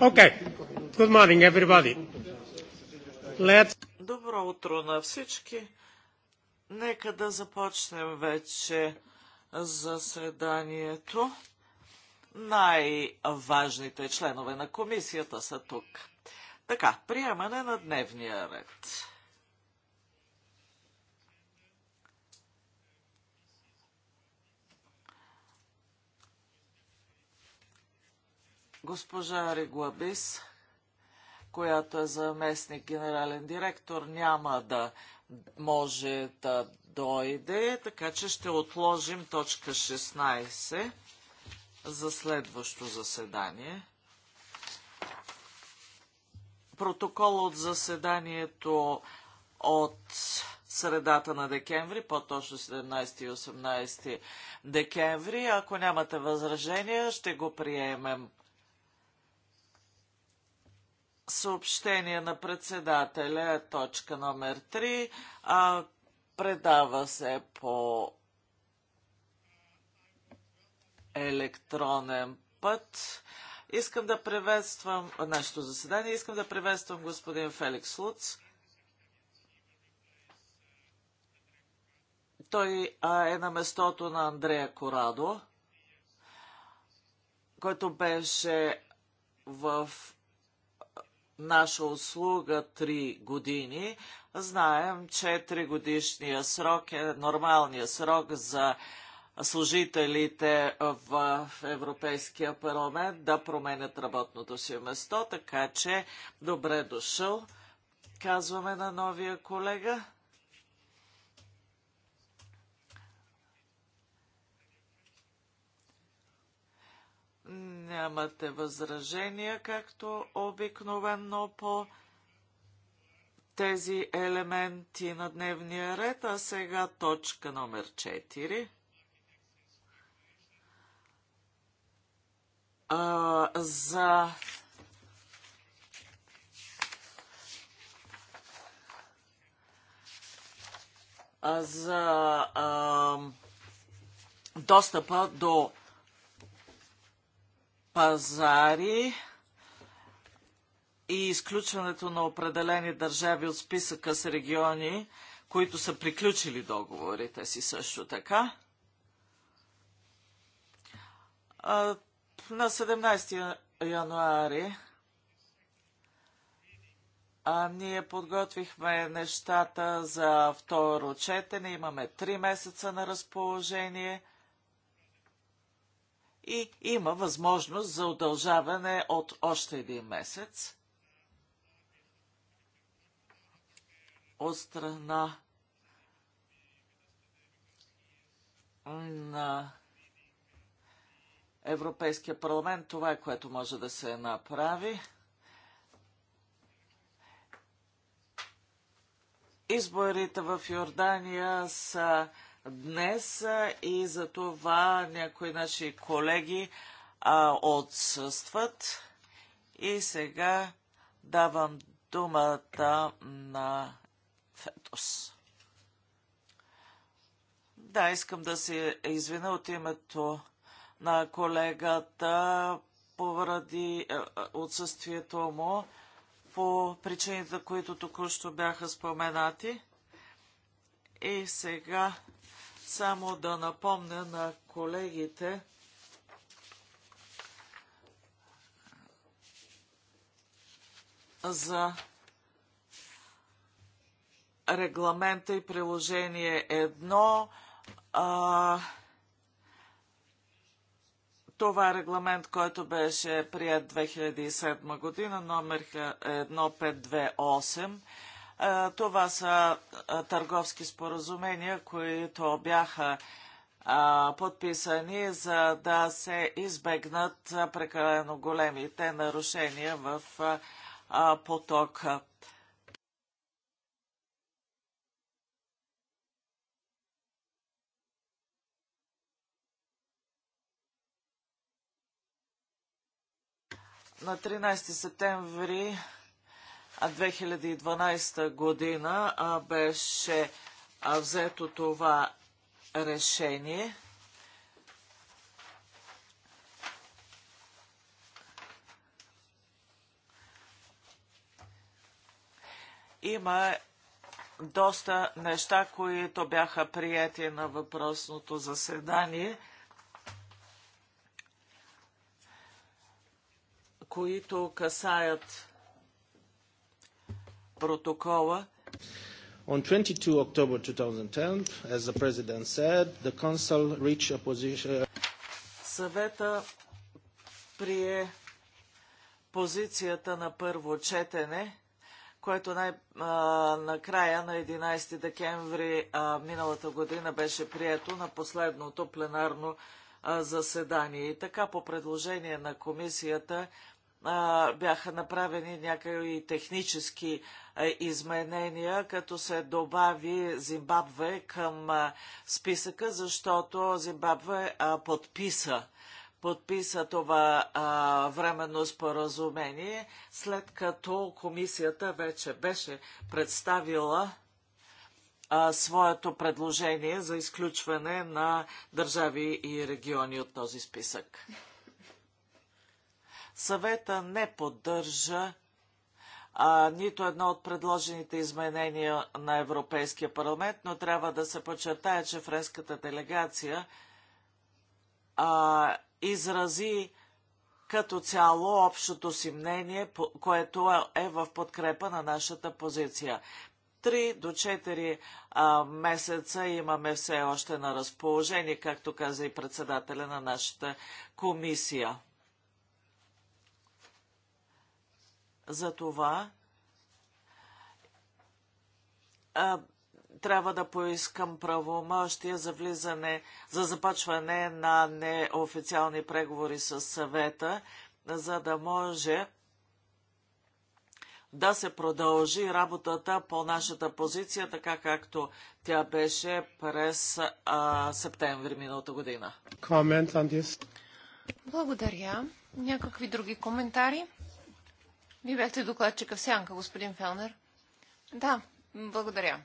Okay. Good morning, everybody. Let's... Добро утро на всички. Нека да започнем вече заседанието. Най-важните членове на комисията са тук. Така, приемане на дневния ред. Госпожа Реглабис, която е заместник генерален директор, няма да може да дойде, така че ще отложим точка 16 за следващо заседание. Протокол от заседанието от средата на декември, по-точно 17 и 18 декември. Ако нямате възражения, ще го приемем съобщение на председателя, точка номер 3, а, предава се по електронен път. Искам да приветствам нашето заседание. Искам да приветствам господин Феликс Луц. Той а, е на местото на Андрея Корадо, който беше в наша услуга три години. Знаем, че 3 годишния срок е нормалния срок за служителите в Европейския парламент да променят работното си место, така че добре дошъл, казваме на новия колега. Нямате възражения, както обикновено по тези елементи на дневния ред, а сега точка номер 4. А, за а, за а, достъпа до пазари и изключването на определени държави от списъка с региони, които са приключили договорите си също така. На 17 януари а, ние подготвихме нещата за второ четене. Имаме три месеца на разположение и има възможност за удължаване от още един месец от страна на Европейския парламент. Това е което може да се направи. Изборите в Йордания са днес и за това някои наши колеги а, отсъстват. И сега давам думата на Фетос. Да, искам да се извина от името на колегата поради отсъствието му по причините, които току-що бяха споменати. И сега само да напомня на колегите, за регламента и приложение Едно, А, това е регламент, който беше прият 2007 година, номер 1528 това са търговски споразумения, които бяха подписани, за да се избегнат прекалено големите нарушения в потока. На 13 септември 2012 година беше взето това решение. Има доста неща, които бяха прияти на въпросното заседание, които касаят протокола. On 22 October 2010, as the President said, the Council reached a position... Съвета прие позицията на първо четене, което най-накрая на 11 декември миналата година беше прието на последното пленарно заседание. И така по предложение на комисията бяха направени някакви технически изменения, като се добави Зимбабве към списъка, защото Зимбабве подписа подписа това а, временно споразумение, след като комисията вече беше представила а, своето предложение за изключване на държави и региони от този списък. Съвета не поддържа а, нито едно от предложените изменения на Европейския парламент, но трябва да се подчертая, че френската делегация а, изрази като цяло общото си мнение, което е в подкрепа на нашата позиция. Три до четири месеца имаме все още на разположение, както каза и председателя на нашата комисия. За това а, трябва да поискам правомощия за влизане, за започване на неофициални преговори с съвета, за да може да се продължи работата по нашата позиция, така както тя беше през а, септември миналата година. Благодаря. Някакви други коментари? Вие бяхте докладчика в сянка, господин Фелнер. Да, благодаря.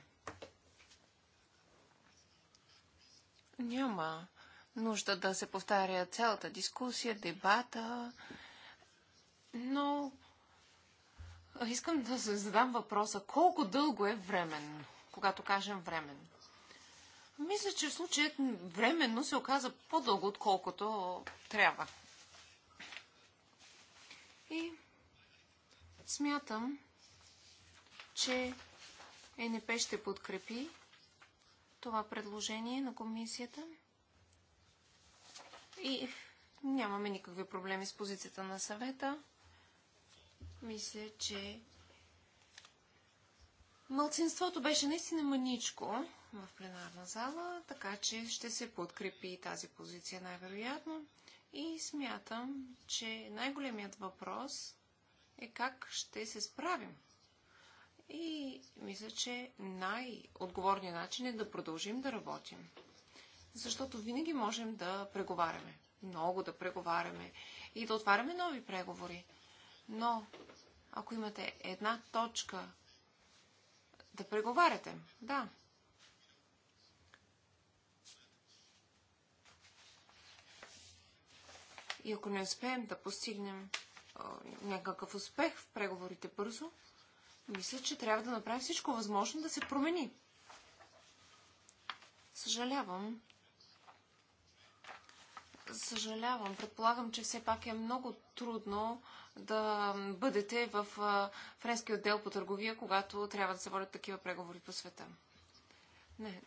Няма нужда да се повтаря цялата дискусия, дебата, но искам да се задам въпроса колко дълго е временно, когато кажем временно. Мисля, че в случая временно се оказа по-дълго, отколкото трябва. И Смятам, че ЕНП ще подкрепи това предложение на комисията и нямаме никакви проблеми с позицията на съвета. Мисля, че мълцинството беше наистина маничко в пленарна зала, така че ще се подкрепи тази позиция най-вероятно. И смятам, че най-големият въпрос е как ще се справим. И мисля, че най-отговорният начин е да продължим да работим. Защото винаги можем да преговаряме. Много да преговаряме. И да отваряме нови преговори. Но ако имате една точка да преговаряте, да. И ако не успеем да постигнем някакъв успех в преговорите бързо, мисля, че трябва да направим всичко възможно да се промени. Съжалявам. Съжалявам. Предполагам, че все пак е много трудно да бъдете в френски отдел по търговия, когато трябва да се водят такива преговори по света. Не.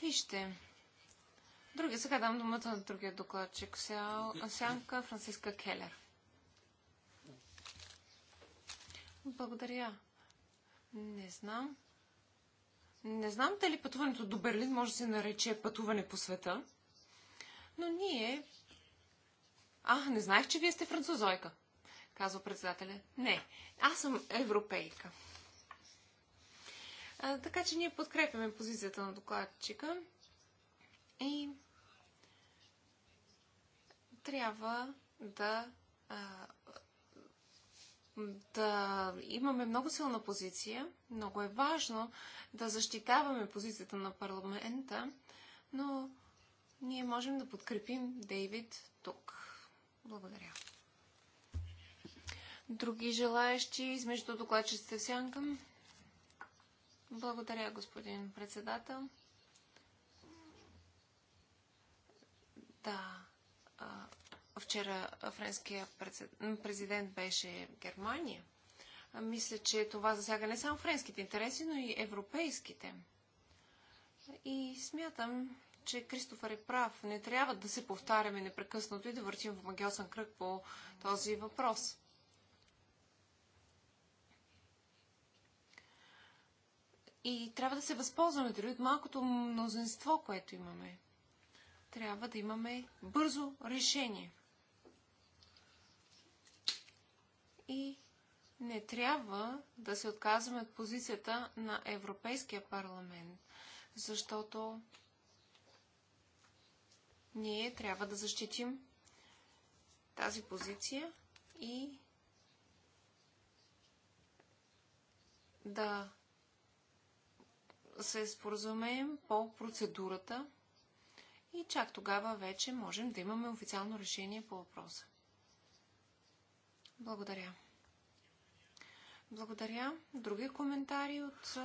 Вижте. Други, сега дам думата на другия докладчик. Сянка Франциска Келер. Благодаря. Не знам. Не знам дали пътуването до Берлин може да се нарече пътуване по света, но ние... А, не знаех, че вие сте французойка, казва председателя. Не, аз съм европейка. А, така че ние подкрепяме позицията на докладчика. И трябва да, да имаме много силна позиция. Много е важно да защитаваме позицията на парламента, но ние можем да подкрепим Дейвид тук. Благодаря. Други желаящи измежду докладчиците в сянка? Благодаря, господин председател. Да. Вчера френския президент беше в Германия. Мисля, че това засяга не само френските интереси, но и европейските. И смятам, че Кристофър е прав. Не трябва да се повтаряме непрекъснато и да въртим в магиосен кръг по този въпрос. И трябва да се възползваме дори от малкото мнозинство, което имаме трябва да имаме бързо решение. И не трябва да се отказваме от позицията на Европейския парламент, защото ние трябва да защитим тази позиция и да се споразумеем по процедурата, и чак тогава вече можем да имаме официално решение по въпроса. Благодаря. Благодаря. Други коментари от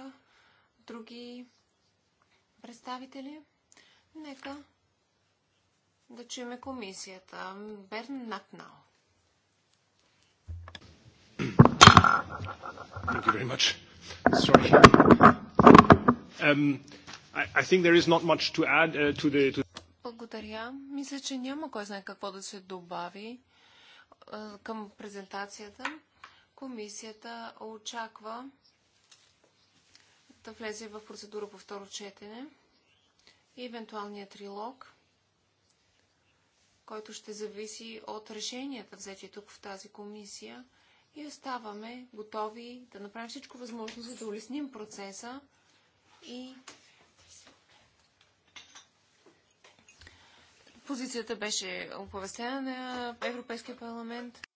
други представители? Нека да чуем комисията. Берн Натнал. Thank you very much. Sorry. Um, I, I think there is not much to add uh, to the to благодаря. Мисля, че няма кой знае какво да се добави към презентацията. Комисията очаква да влезе в процедура по второ четене и евентуалния трилог, който ще зависи от решенията, взети тук в тази комисия. И оставаме готови да направим всичко възможно, за да улесним процеса и Позицията беше оповестена на Европейския парламент.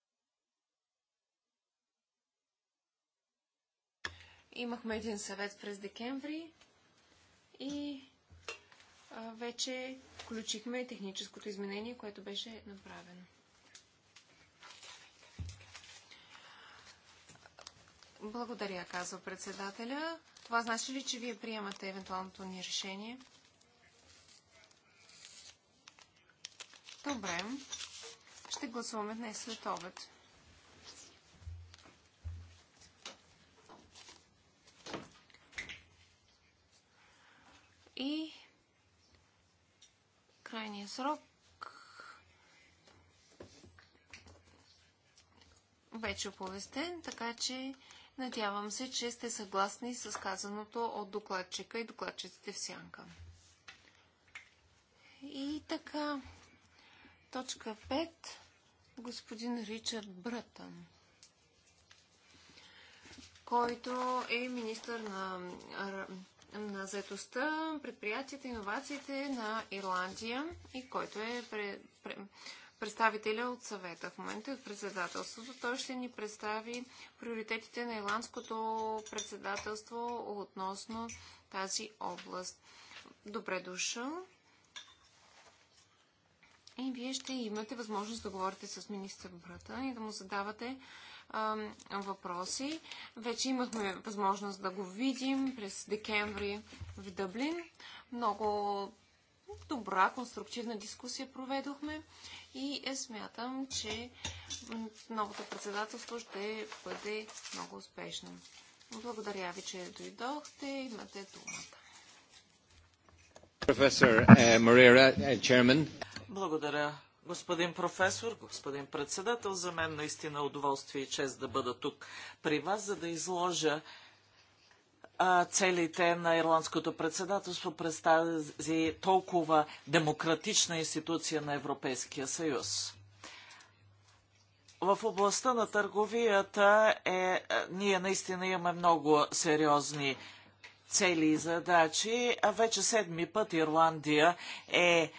Имахме един съвет през декември и вече включихме техническото изменение, което беше направено. Благодаря, казва председателя. Това значи ли, че вие приемате евентуалното ни решение? Добре. Ще гласуваме днес след обед. И крайния срок вече оповестен, така че надявам се, че сте съгласни с казаното от докладчика и докладчиците в сянка. И така, Точка 5. Господин Ричард Брътън, който е министър на, на заедостта, предприятията, иновациите на Ирландия и който е пре, пре, представителя от съвета в момента от е председателството. Той ще ни представи приоритетите на ирландското председателство относно тази област. Добре дошъл. И вие ще имате възможност да говорите с министър Брата и да му задавате а, въпроси. Вече имахме възможност да го видим през декември в Дъблин. Много добра, конструктивна дискусия проведохме и е смятам, че новото председателство ще бъде много успешно. Благодаря ви, че дойдохте. Имате думата. Професор uh, uh, благодаря, господин професор, господин председател. За мен наистина удоволствие и чест да бъда тук при вас, за да изложа целите на ирландското председателство през тази толкова демократична институция на Европейския съюз. В областта на търговията е, ние наистина имаме много сериозни цели и задачи. А вече седми път Ирландия е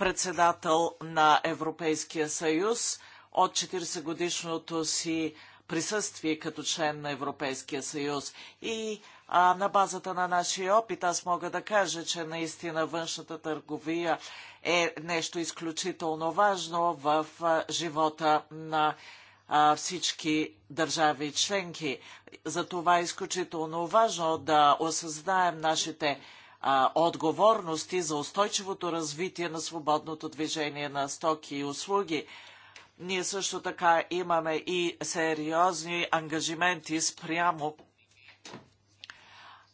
председател на Европейския съюз от 40 годишното си присъствие като член на Европейския съюз. И а, на базата на нашия опит аз мога да кажа, че наистина външната търговия е нещо изключително важно в а, живота на а, всички държави и членки. Затова е изключително важно да осъзнаем нашите отговорности за устойчивото развитие на свободното движение на стоки и услуги. Ние също така имаме и сериозни ангажименти спрямо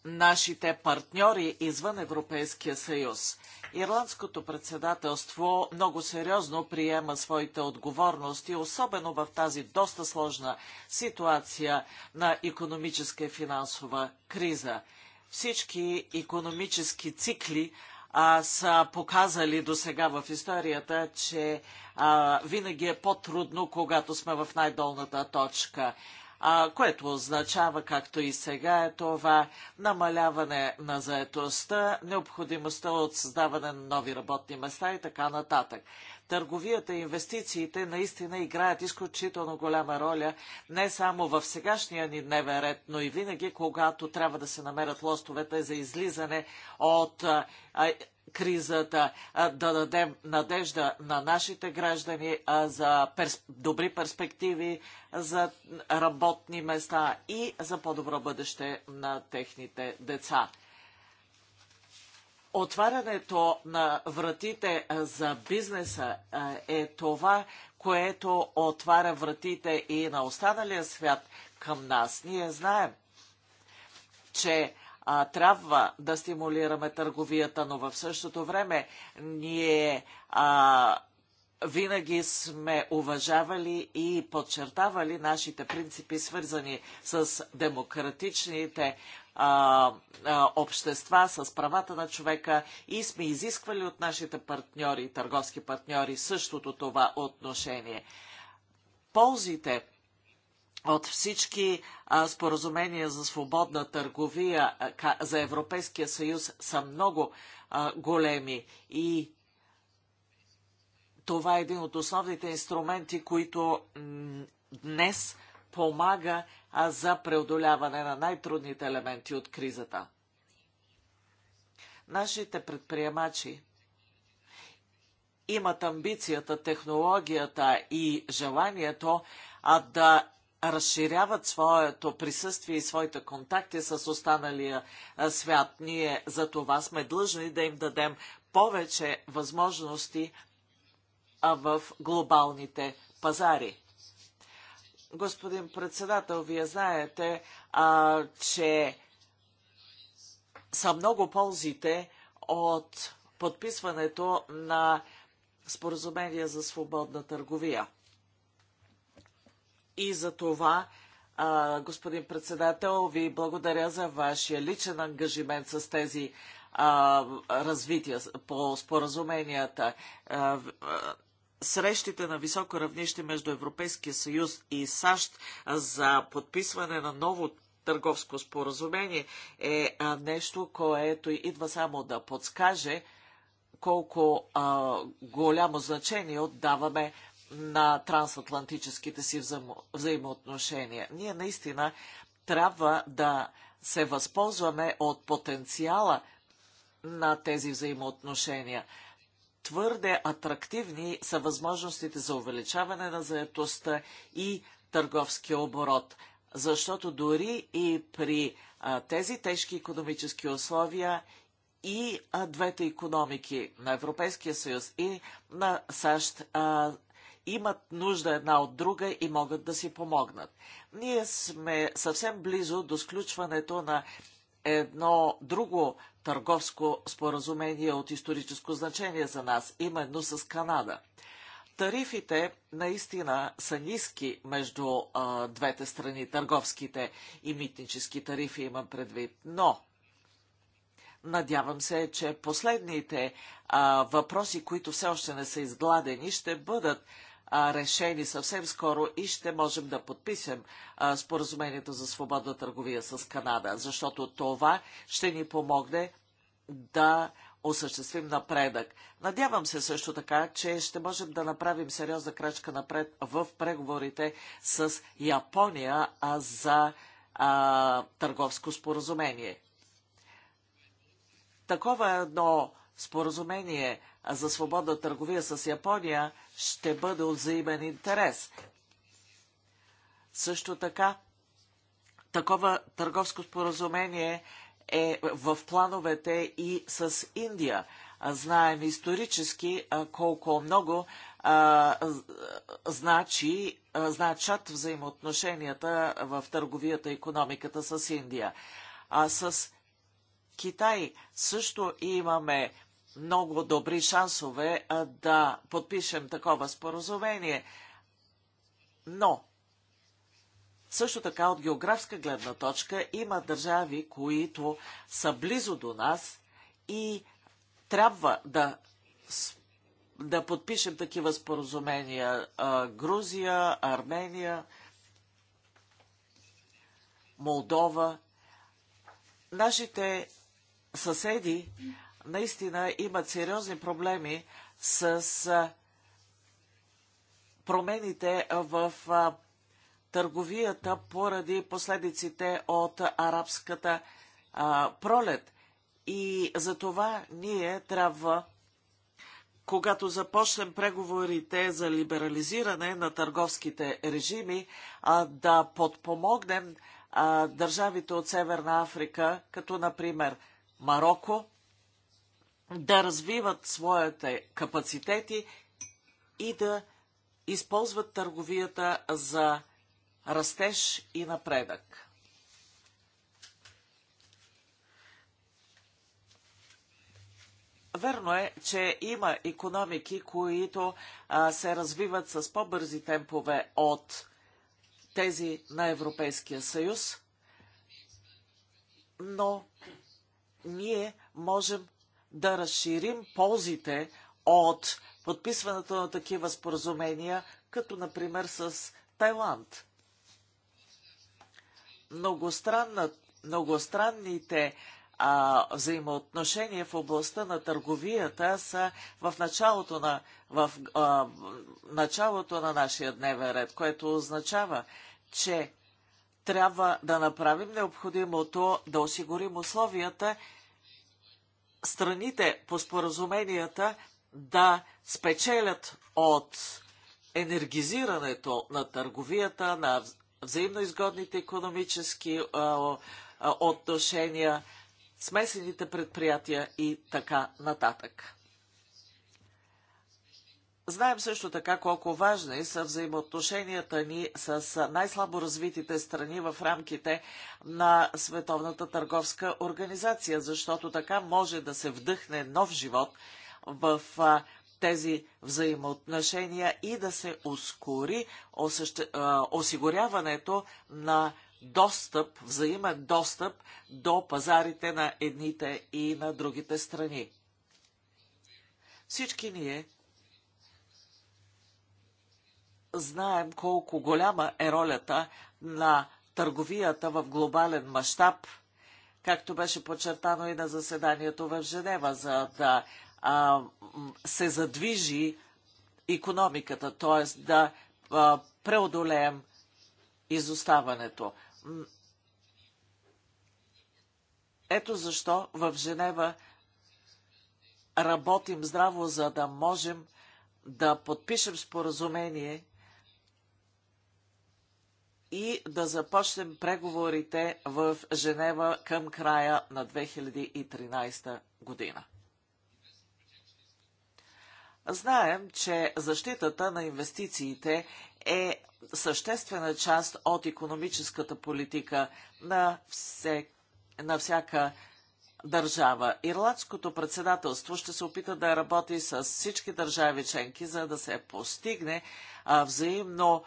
нашите партньори извън Европейския съюз. Ирландското председателство много сериозно приема своите отговорности, особено в тази доста сложна ситуация на економическа и финансова криза – всички економически цикли а, са показали до сега в историята, че а, винаги е по-трудно, когато сме в най-долната точка което означава, както и сега, е това намаляване на заетостта, необходимостта от създаване на нови работни места и така нататък. Търговията и инвестициите наистина играят изключително голяма роля не само в сегашния ни дневен ред, но и винаги, когато трябва да се намерят лостовете за излизане от кризата, да дадем надежда на нашите граждани за добри перспективи, за работни места и за по-добро бъдеще на техните деца. Отварянето на вратите за бизнеса е това, което отваря вратите и на останалия свят към нас. Ние знаем, че а, трябва да стимулираме търговията, но в същото време ние а, винаги сме уважавали и подчертавали нашите принципи, свързани с демократичните а, а, общества, с правата на човека и сме изисквали от нашите партньори, търговски партньори, същото това отношение. Ползите от всички споразумения за свободна търговия за Европейския съюз са много големи и това е един от основните инструменти, които днес помага за преодоляване на най-трудните елементи от кризата. Нашите предприемачи имат амбицията, технологията и желанието а да разширяват своето присъствие и своите контакти с останалия свят. Ние за това сме длъжни да им дадем повече възможности в глобалните пазари. Господин председател, вие знаете, а, че са много ползите от подписването на споразумение за свободна търговия. И за това, а, господин председател, ви благодаря за вашия личен ангажимент с тези а, развития по споразуменията. А, срещите на високо равнище между Европейския съюз и САЩ за подписване на ново търговско споразумение е нещо, което идва само да подскаже колко а, голямо значение отдаваме на трансатлантическите си взаимо, взаимоотношения. Ние наистина трябва да се възползваме от потенциала на тези взаимоотношения. Твърде атрактивни са възможностите за увеличаване на заетостта и търговския оборот, защото дори и при а, тези тежки економически условия и а, двете економики на Европейския съюз и на САЩ а, имат нужда една от друга и могат да си помогнат. Ние сме съвсем близо до сключването на едно друго търговско споразумение от историческо значение за нас, именно с Канада. Тарифите наистина са ниски между а, двете страни, търговските и митнически тарифи имам предвид, но надявам се, че последните а, въпроси, които все още не са изгладени, ще бъдат решени съвсем скоро и ще можем да подпишем споразумението за свободна търговия с Канада, защото това ще ни помогне да осъществим напредък. Надявам се също така, че ще можем да направим сериозна крачка напред в преговорите с Япония а за а, търговско споразумение. Такова едно споразумение за свободна търговия с Япония ще бъде от взаимен интерес. Също така, такова търговско споразумение е в плановете и с Индия. Знаем исторически колко много а, значи, а, значат взаимоотношенията в търговията и економиката с Индия. А с Китай също имаме много добри шансове да подпишем такова споразумение. Но също така от географска гледна точка има държави, които са близо до нас и трябва да, да подпишем такива споразумения. А, Грузия, Армения, Молдова. Нашите съседи наистина имат сериозни проблеми с промените в търговията поради последиците от арабската пролет. И за това ние трябва, когато започнем преговорите за либерализиране на търговските режими, да подпомогнем държавите от Северна Африка, като например Марокко, да развиват своите капацитети и да използват търговията за растеж и напредък. Верно е, че има економики, които а, се развиват с по-бързи темпове от тези на Европейския съюз, но ние можем да разширим ползите от подписването на такива споразумения, като например с Тайланд. Многостранните а, взаимоотношения в областта на търговията са в началото на, в, а, началото на нашия дневен ред, което означава, че трябва да направим необходимото да осигурим условията страните по споразуменията да спечелят от енергизирането на търговията, на взаимноизгодните економически отношения, смесените предприятия и така нататък. Знаем също така колко важни са взаимоотношенията ни с най-слабо развитите страни в рамките на Световната търговска организация, защото така може да се вдъхне нов живот в тези взаимоотношения и да се ускори осъще... осигуряването на достъп, взаимен достъп до пазарите на едните и на другите страни. Всички ние знаем колко голяма е ролята на търговията в глобален мащаб, както беше подчертано и на заседанието в Женева, за да а, се задвижи економиката, т.е. да а, преодолеем изоставането. Ето защо в Женева работим здраво, за да можем да подпишем споразумение и да започнем преговорите в Женева към края на 2013 година. Знаем, че защитата на инвестициите е съществена част от економическата политика на, все, на всяка държава. Ирландското председателство ще се опита да работи с всички държави членки, за да се постигне взаимно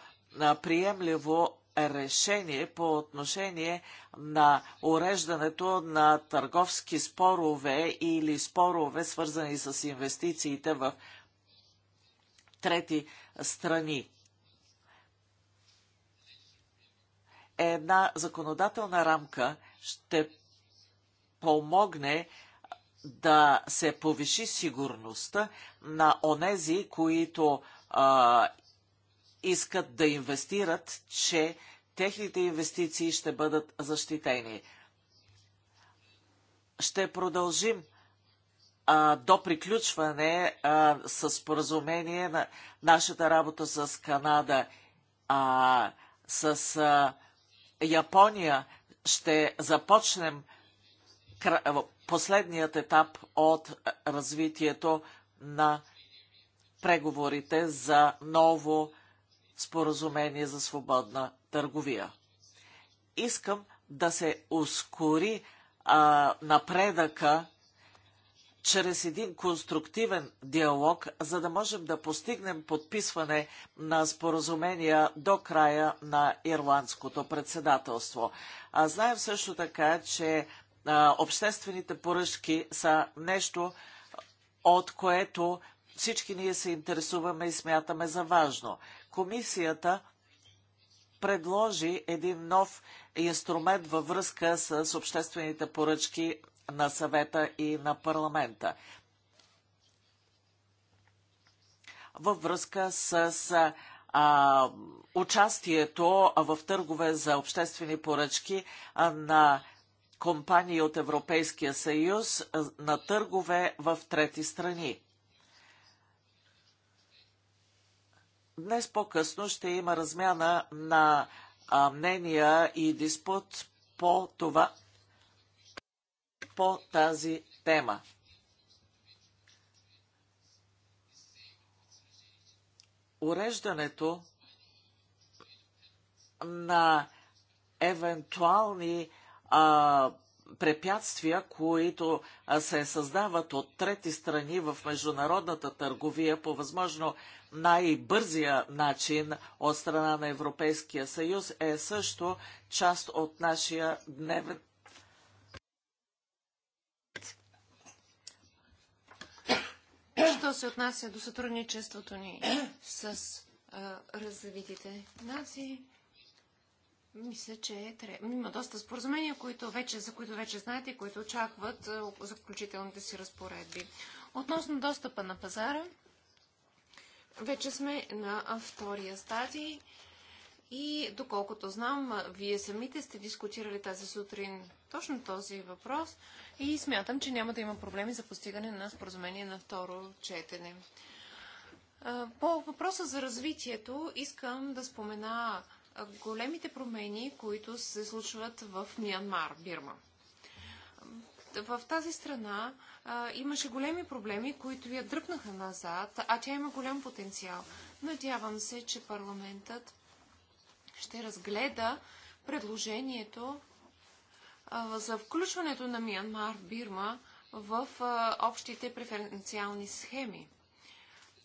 приемливо решение по отношение на уреждането на търговски спорове или спорове, свързани с инвестициите в трети страни. Една законодателна рамка ще помогне да се повиши сигурността на онези, които а, искат да инвестират, че техните инвестиции ще бъдат защитени. Ще продължим а, до приключване а, с споразумение на нашата работа с Канада, а, с а, Япония. Ще започнем последният етап от развитието на преговорите за ново споразумение за свободна търговия. Искам да се ускори а, напредъка чрез един конструктивен диалог, за да можем да постигнем подписване на споразумения до края на ирландското председателство. А знаем също така, че а, обществените поръчки са нещо, от което всички ние се интересуваме и смятаме за важно комисията предложи един нов инструмент във връзка с обществените поръчки на съвета и на парламента. Във връзка с а, участието в търгове за обществени поръчки на компании от Европейския съюз на търгове в трети страни. Днес по-късно ще има размяна на мнения и диспут по това, по тази тема. Уреждането на евентуални а, препятствия, които се създават от трети страни в международната търговия по възможно най-бързия начин от страна на Европейския съюз, е също част от нашия дневен Що се отнася до сътрудничеството ни с развитите нации, мисля, че е трябва. има доста споразумения, които вече, за които вече знаете и които очакват е, заключителните си разпоредби. Относно достъпа на пазара, вече сме на втория стадий и доколкото знам, вие самите сте дискутирали тази сутрин точно този въпрос и смятам, че няма да има проблеми за постигане на споразумение на второ четене. По въпроса за развитието искам да спомена големите промени, които се случват в Миянмар, Бирма. В тази страна а, имаше големи проблеми, които я дръпнаха назад, а тя има голям потенциал. Надявам се, че парламентът ще разгледа предложението а, за включването на Миянмар, Бирма в а, общите преференциални схеми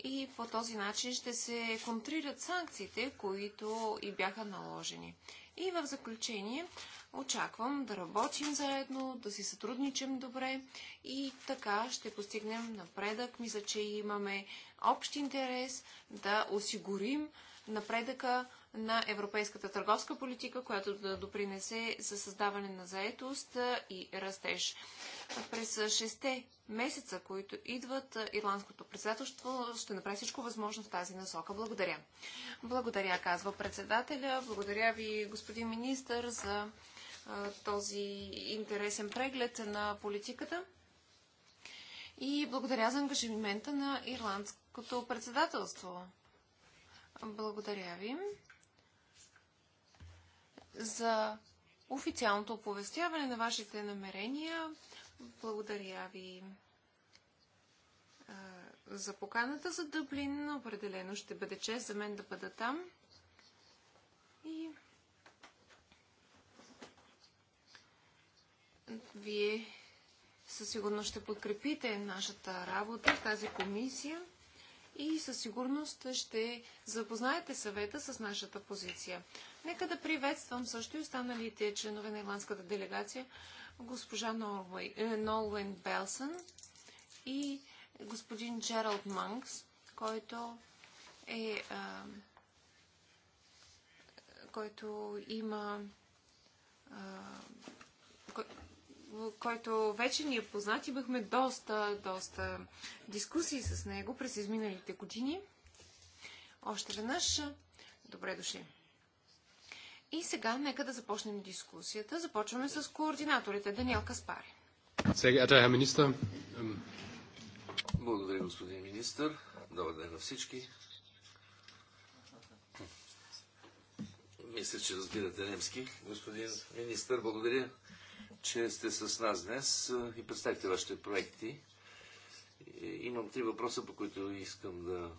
и по този начин ще се контрират санкциите, които и бяха наложени. И в заключение очаквам да работим заедно, да си сътрудничим добре и така ще постигнем напредък. Мисля, че имаме общ интерес да осигурим напредъка на европейската търговска политика, която да допринесе за създаване на заетост и растеж. През шесте месеца, които идват, ирландското председателство ще направи всичко възможно в тази насока. Благодаря. Благодаря, казва председателя. Благодаря ви, господин министър, за този интересен преглед на политиката. И благодаря за ангажимента на ирландското председателство. Благодаря ви за официалното оповестяване на вашите намерения. Благодаря ви за поканата за Дъблин. Определено ще бъде чест за мен да бъда там. И вие със сигурност ще подкрепите нашата работа в тази комисия и със сигурност ще запознаете съвета с нашата позиция. Нека да приветствам също и останалите членове на ирландската делегация, госпожа Норвей, е, Нолуен Белсън и господин Джералд Манкс, който е който има а, който вече ни е познат и имахме доста, доста дискусии с него през изминалите години. Още веднъж, добре дошли. И сега нека да започнем дискусията. Започваме с координаторите. Даниел Каспари. Е благодаря, господин министр. Добър ден на всички. Мисля, че разбирате немски. Господин министр, благодаря че сте с нас днес и представихте вашите проекти. Имам три въпроса, по които искам да,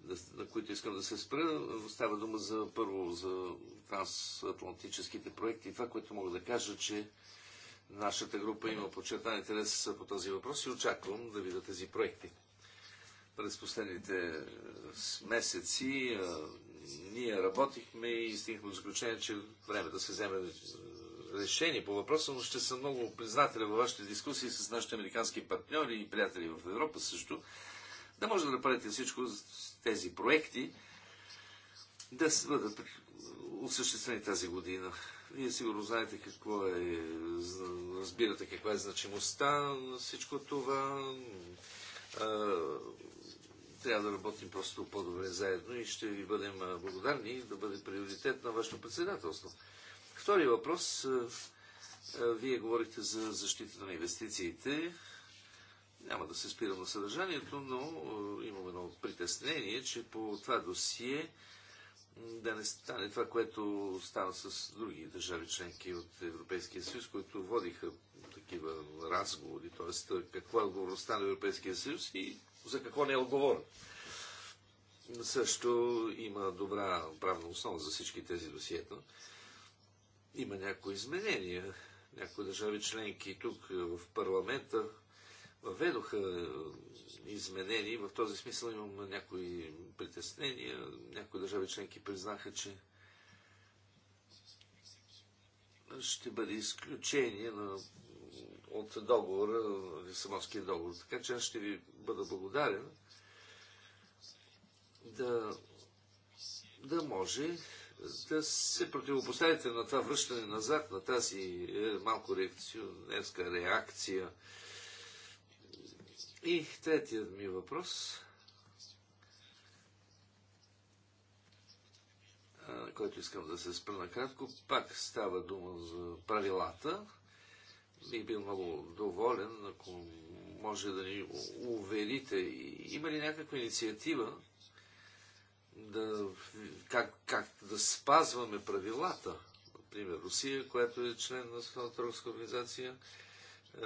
да, на които искам да се спра. Става дума за първо за трансатлантическите проекти. Това, което мога да кажа, че нашата група има почетан интерес по този въпрос и очаквам да видя тези проекти. През последните е, месеци а, е, ние работихме и стигнахме до заключение, че време да се вземе е, решение по въпроса, но ще съм много признателен във вашите дискусии с нашите американски партньори и приятели в Европа също, да може да направите всичко с тези проекти, да бъдат осъществени тази година. Вие сигурно знаете какво е, разбирате каква е значимостта на всичко това. Трябва да работим просто по-добре заедно и ще ви бъдем благодарни да бъде приоритет на вашето председателство. Втори въпрос. Вие говорихте за защита на инвестициите. Няма да се спирам на съдържанието, но имам едно притеснение, че по това досие да не стане това, което стана с други държави членки от Европейския съюз, които водиха такива разговори, т.е. каква е отговорността на Европейския съюз и за какво не е отговорен. Също има добра правна основа за всички тези досиета. Има някои изменения. Някои държави членки тук е, в парламента въведоха е, изменения. В този смисъл имам някои притеснения. Някои държави членки признаха, че ще бъде изключение на, от договора, Лисабонския договор. Така че аз ще ви бъда благодарен да, да може да се противопоставите на това връщане назад, на тази е, малко реакционерска реакция. И третият ми въпрос, който искам да се спра накратко, пак става дума за правилата. Бих бил много доволен, ако може да ни уверите, има ли някаква инициатива, да, как, как да спазваме правилата. Например, Русия, която е член на Световната организация, е,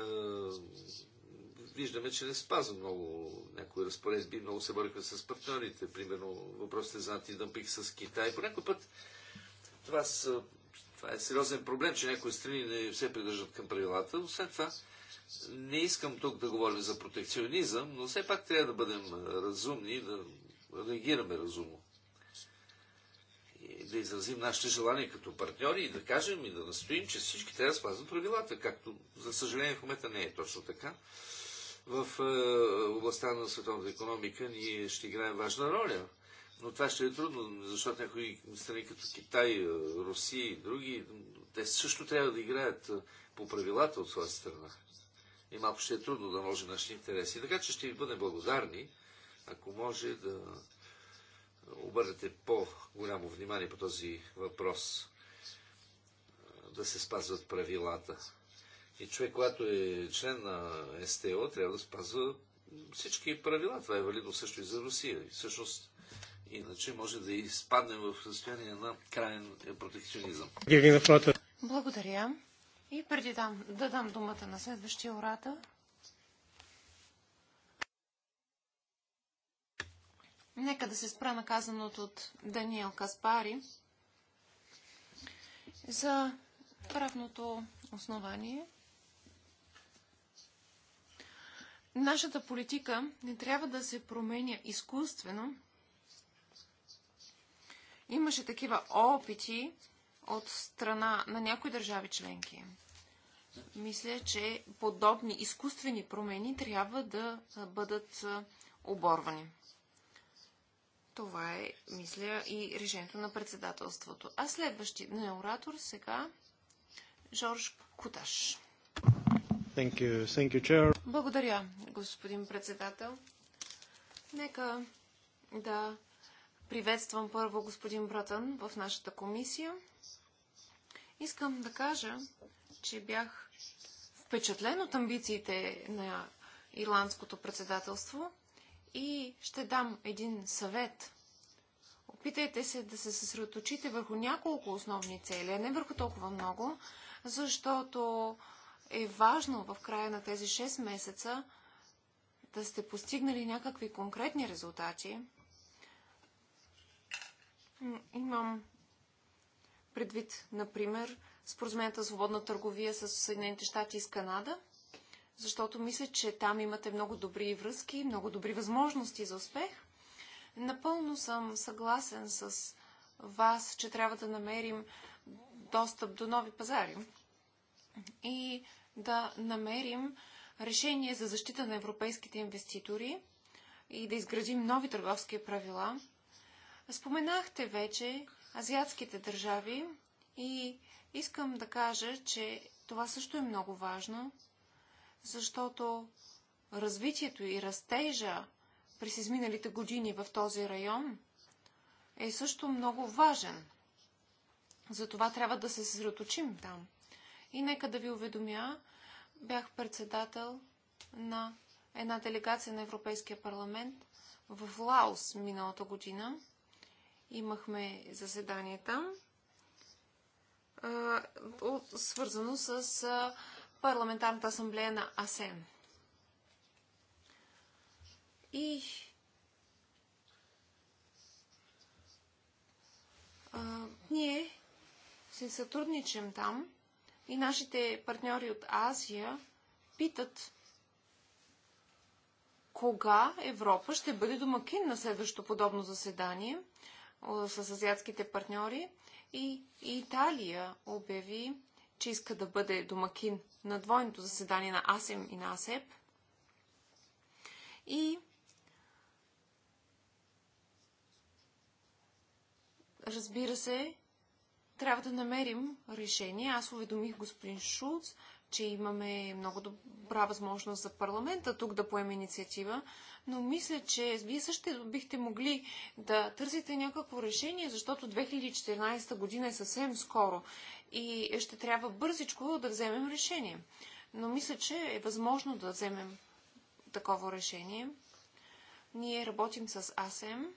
виждаме, че не спазва много някои разпоредби, много се бърка с партньорите. Примерно въпросите за антидъмпик с Китай. По някой път това, са, това е сериозен проблем, че някои страни не се придържат към правилата. Освен това, не искам тук да говорим за протекционизъм, но все пак трябва да бъдем е, разумни, да реагираме разумно да изразим нашите желания като партньори и да кажем и да настоим, че всички трябва да спазват правилата, както за съжаление в момента не е точно така. В е, областта на световната економика ние ще играем важна роля. Но това ще е трудно, защото някои страни като Китай, е, Русия и други, те също трябва да играят е, по правилата от своя страна. И малко ще е трудно да може нашите интереси. Така че ще ви бъдем благодарни, ако може да обърнете по-голямо внимание по този въпрос. Да се спазват правилата. И човек, когато е член на СТО, трябва да спазва всички правила. Това е валидно също и за Русия. И всъщност, иначе може да изпаднем в състояние на крайен протекционизъм. Благодаря. И преди дам, да дам думата на следващия оратор, Нека да се спра на казаното от Даниел Каспари за правното основание. Нашата политика не трябва да се променя изкуствено. Имаше такива опити от страна на някои държави членки. Мисля, че подобни изкуствени промени трябва да бъдат оборвани. Това е, мисля, и решението на председателството. А следващия оратор сега Жорж Куташ. Thank you. Thank you, Благодаря, господин председател. Нека да приветствам първо господин Братън в нашата комисия. Искам да кажа, че бях впечатлен от амбициите на ирландското председателство – и ще дам един съвет. Опитайте се да се съсредоточите върху няколко основни цели, а не върху толкова много, защото е важно в края на тези 6 месеца да сте постигнали някакви конкретни резултати. Имам предвид, например, споразумението за свободна търговия с Съединените щати и с Канада – защото мисля, че там имате много добри връзки, много добри възможности за успех. Напълно съм съгласен с вас, че трябва да намерим достъп до нови пазари и да намерим решение за защита на европейските инвеститори и да изградим нови търговски правила. Споменахте вече азиатските държави и искам да кажа, че това също е много важно защото развитието и растежа през изминалите години в този район е също много важен. Затова трябва да се съсредоточим там. И нека да ви уведомя, бях председател на една делегация на Европейския парламент в Лаос миналата година. Имахме заседание там, свързано с парламентарната асамблея на АСЕН. И а, ние се сътрудничим там и нашите партньори от Азия питат кога Европа ще бъде домакин на следващото подобно заседание с азиатските партньори. И Италия обяви че иска да бъде домакин на двойното заседание на АСЕМ и на АСЕП. И разбира се, трябва да намерим решение. Аз уведомих господин Шулц, че имаме много добра възможност за парламента тук да поеме инициатива, но мисля, че вие също бихте могли да търсите някакво решение, защото 2014 година е съвсем скоро и ще трябва бързичко да вземем решение. Но мисля, че е възможно да вземем такова решение. Ние работим с АСЕМ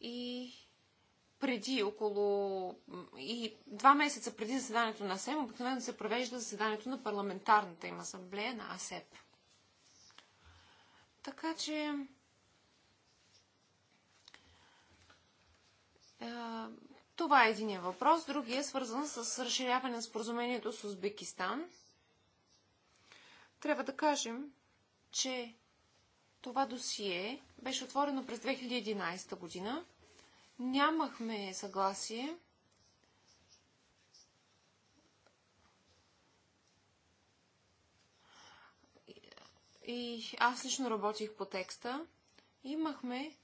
и преди около и два месеца преди заседанието на СЕМ, обикновено се провежда заседанието на парламентарната им асамблея на АСЕП. Така че това е единия въпрос. Другия е свързан с разширяване на споразумението с Узбекистан. Трябва да кажем, че това досие беше отворено през 2011 година нямахме съгласие. И аз лично работих по текста. Имахме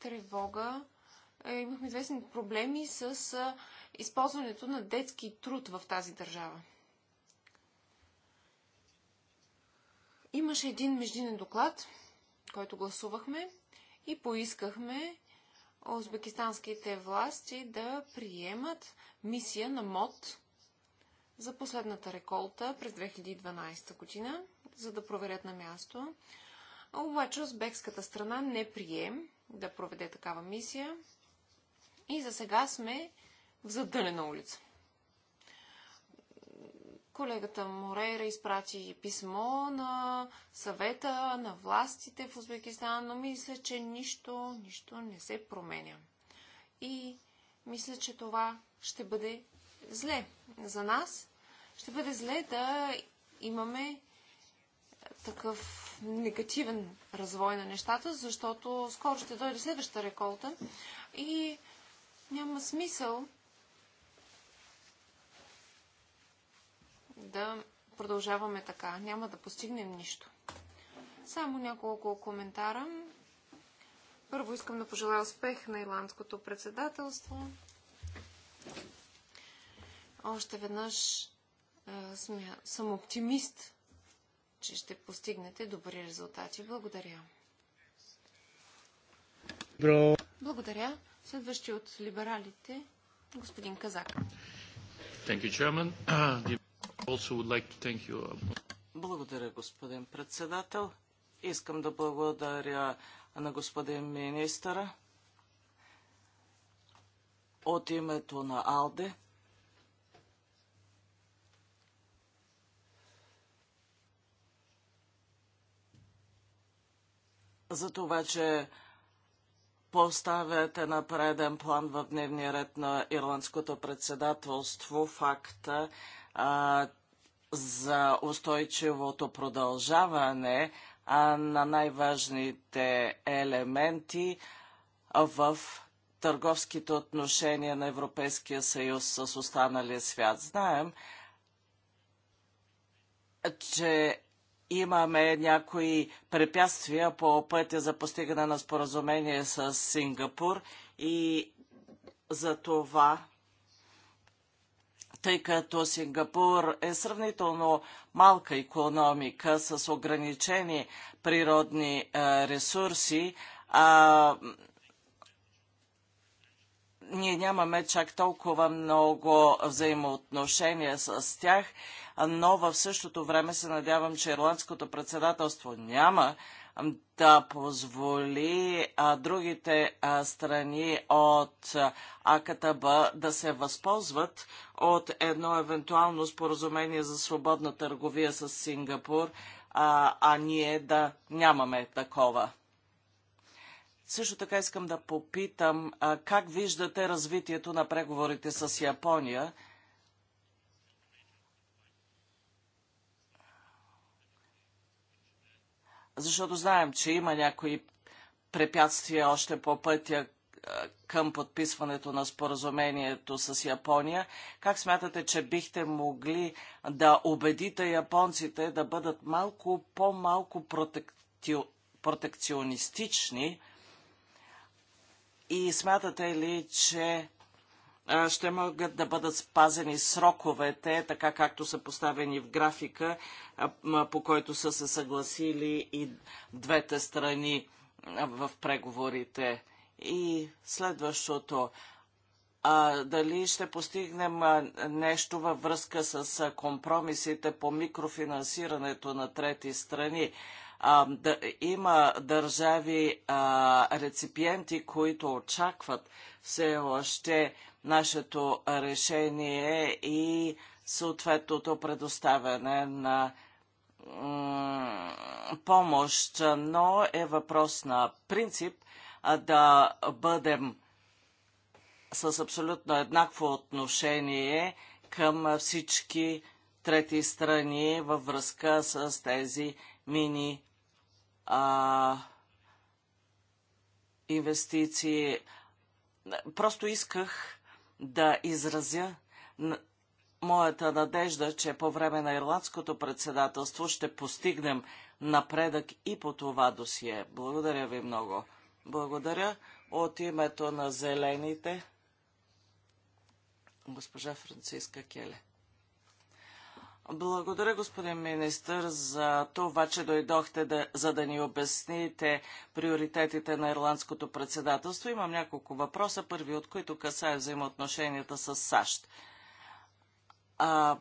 тревога, е, имахме известни проблеми с използването на детски труд в тази държава. Имаше един междинен доклад, който гласувахме и поискахме узбекистанските власти да приемат мисия на МОД за последната реколта през 2012 година, за да проверят на място. Обаче узбекската страна не прием да проведе такава мисия и за сега сме в задънена улица. Колегата Морейра изпрати писмо на съвета на властите в Узбекистан, но мисля, че нищо, нищо не се променя. И мисля, че това ще бъде зле за нас. Ще бъде зле да имаме такъв негативен развой на нещата, защото скоро ще дойде следваща реколта и няма смисъл да продължаваме така. Няма да постигнем нищо. Само няколко коментара. Първо искам да пожелая успех на ирландското председателство. Още веднъж е, съм оптимист, че ще постигнете добри резултати. Благодаря. Благодаря. Следващи от либералите, господин Казак. Thank you, Uh, благодаря, господин председател. Искам да благодаря на господин министъра от името на АЛДЕ. за това, че поставяте на преден план в дневния ред на ирландското председателство факта, а, за устойчивото продължаване а, на най-важните елементи в търговските отношения на Европейския съюз с останалия свят. Знаем, че имаме някои препятствия по пътя за постигане на споразумение с Сингапур и за това тъй като Сингапур е сравнително малка економика с ограничени природни е, ресурси, а, ние нямаме чак толкова много взаимоотношения с тях, но в същото време се надявам, че ирландското председателство няма да позволи а, другите а, страни от АКТБ да се възползват от едно евентуално споразумение за свободна търговия с Сингапур, а, а ние да нямаме такова. Също така искам да попитам а, как виждате развитието на преговорите с Япония – защото знаем, че има някои препятствия още по пътя към подписването на споразумението с Япония. Как смятате, че бихте могли да убедите японците да бъдат малко по-малко протекционистични? И смятате ли, че ще могат да бъдат спазени сроковете, така както са поставени в графика, по който са се съгласили и двете страни в преговорите. И следващото. А, дали ще постигнем нещо във връзка с компромисите по микрофинансирането на трети страни? а, да, има държави а, реципиенти, които очакват все още нашето решение и съответното предоставяне на помощ, но е въпрос на принцип да бъдем с абсолютно еднакво отношение към всички трети страни във връзка с тези мини а, инвестиции. Просто исках да изразя моята надежда, че по време на ирландското председателство ще постигнем напредък и по това досие. Благодаря ви много. Благодаря от името на зелените госпожа Франциска Келе. Благодаря, господин Министър, за това, че дойдохте да, за да ни обясните приоритетите на ирландското председателство. Имам няколко въпроса, първи от които касае взаимоотношенията с САЩ. А,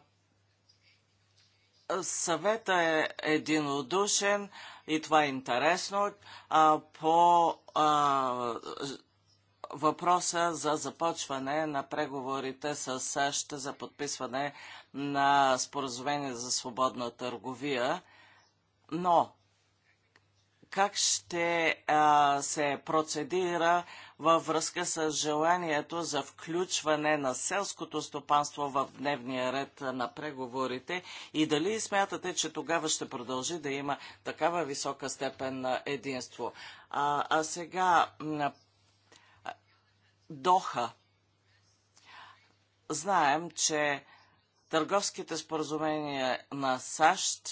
съвета е единодушен и това е интересно а, по а, въпроса за започване на преговорите с САЩ за подписване на споразумение за свободна търговия, но как ще а, се процедира във връзка с желанието за включване на селското стопанство в дневния ред на преговорите и дали смятате, че тогава ще продължи да има такава висока степен на единство. А, а сега Доха. Знаем, че търговските споразумения на САЩ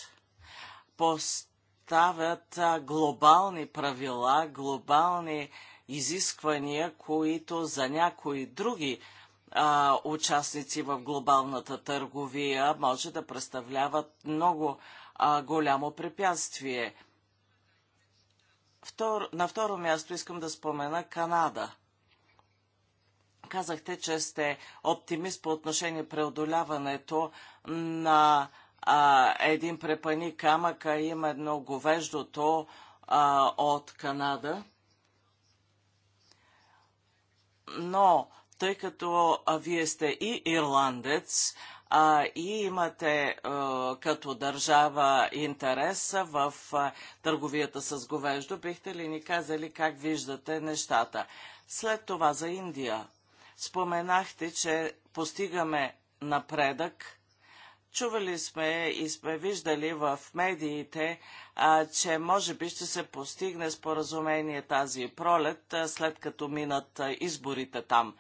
поставят глобални правила, глобални изисквания, които за някои други а, участници в глобалната търговия може да представляват много а, голямо препятствие. Втор... На второ място искам да спомена Канада – казахте, че сте оптимист по отношение преодоляването на а, един препани камък, а именно говеждото а, от Канада. Но, тъй като а, вие сте и ирландец, а, и имате а, като държава интерес в а, търговията с говеждо, бихте ли ни казали как виждате нещата? След това за Индия. Споменахте, че постигаме напредък. Чували сме и сме виждали в медиите, а, че може би ще се постигне споразумение тази пролет, а, след като минат а, изборите там.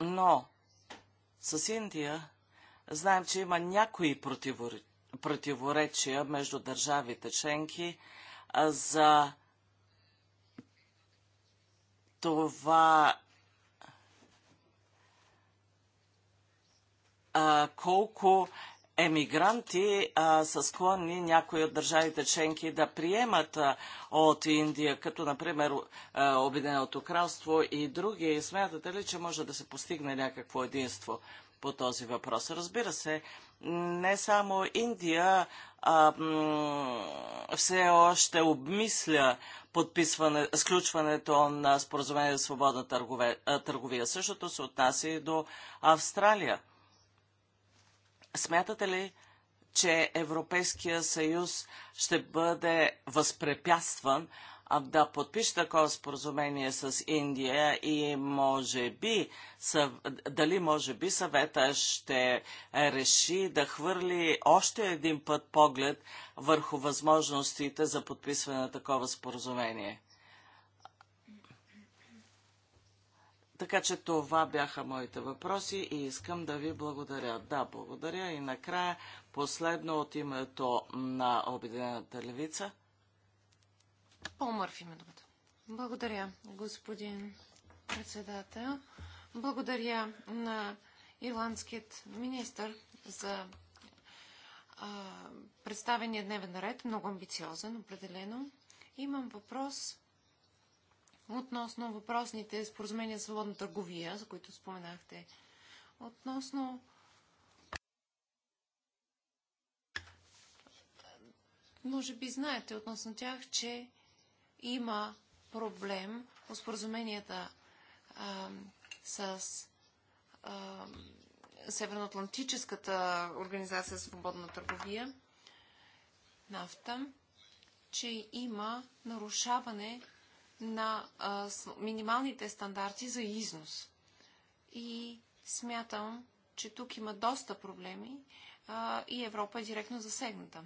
Но с Индия знаем, че има някои противоречия между държавите членки за това а, колко емигранти а, са склонни някои от държавите членки да приемат а, от Индия, като например а, Обединеното кралство и други. Смятате ли, че може да се постигне някакво единство? по този въпрос. Разбира се, не само Индия а, все още обмисля подписване, сключването на споразумение за свободна търгове, търговия. Същото се отнася и до Австралия. Смятате ли, че Европейския съюз ще бъде възпрепятстван да подпише такова споразумение с Индия и може би, съв... дали може би съвета ще реши да хвърли още един път поглед върху възможностите за подписване на такова споразумение. Така че това бяха моите въпроси и искам да ви благодаря. Да, благодаря. И накрая, последно от името на Обединената левица – Пол Мърфи има думата. Благодаря, господин председател. Благодаря на ирландският министр за а, представения дневен ред. Много амбициозен, определено. Имам въпрос относно въпросните споразумения за свободна търговия, за които споменахте. Относно може би знаете относно тях, че има проблем по споразуменията с а, Северноатлантическата организация за свободна търговия, нафта, че има нарушаване на а, минималните стандарти за износ. И смятам, че тук има доста проблеми а, и Европа е директно засегната.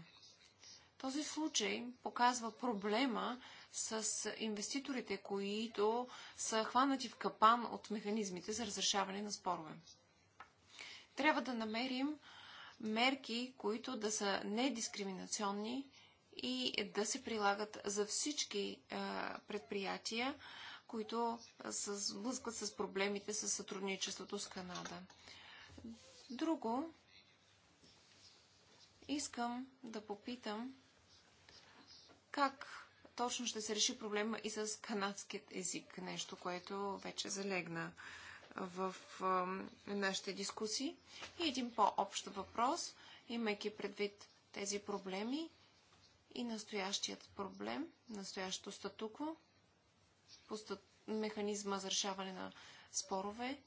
Този случай показва проблема с инвеститорите, които са хванати в капан от механизмите за разрешаване на спорове. Трябва да намерим мерки, които да са недискриминационни и да се прилагат за всички е, предприятия, които се сблъскват с проблемите с сътрудничеството с Канада. Друго, искам да попитам как точно ще се реши проблема и с канадският език. Нещо, което вече залегна в нашите дискусии. И един по-общ въпрос, имайки предвид тези проблеми и настоящият проблем, настоящото статукво, механизма за решаване на спорове.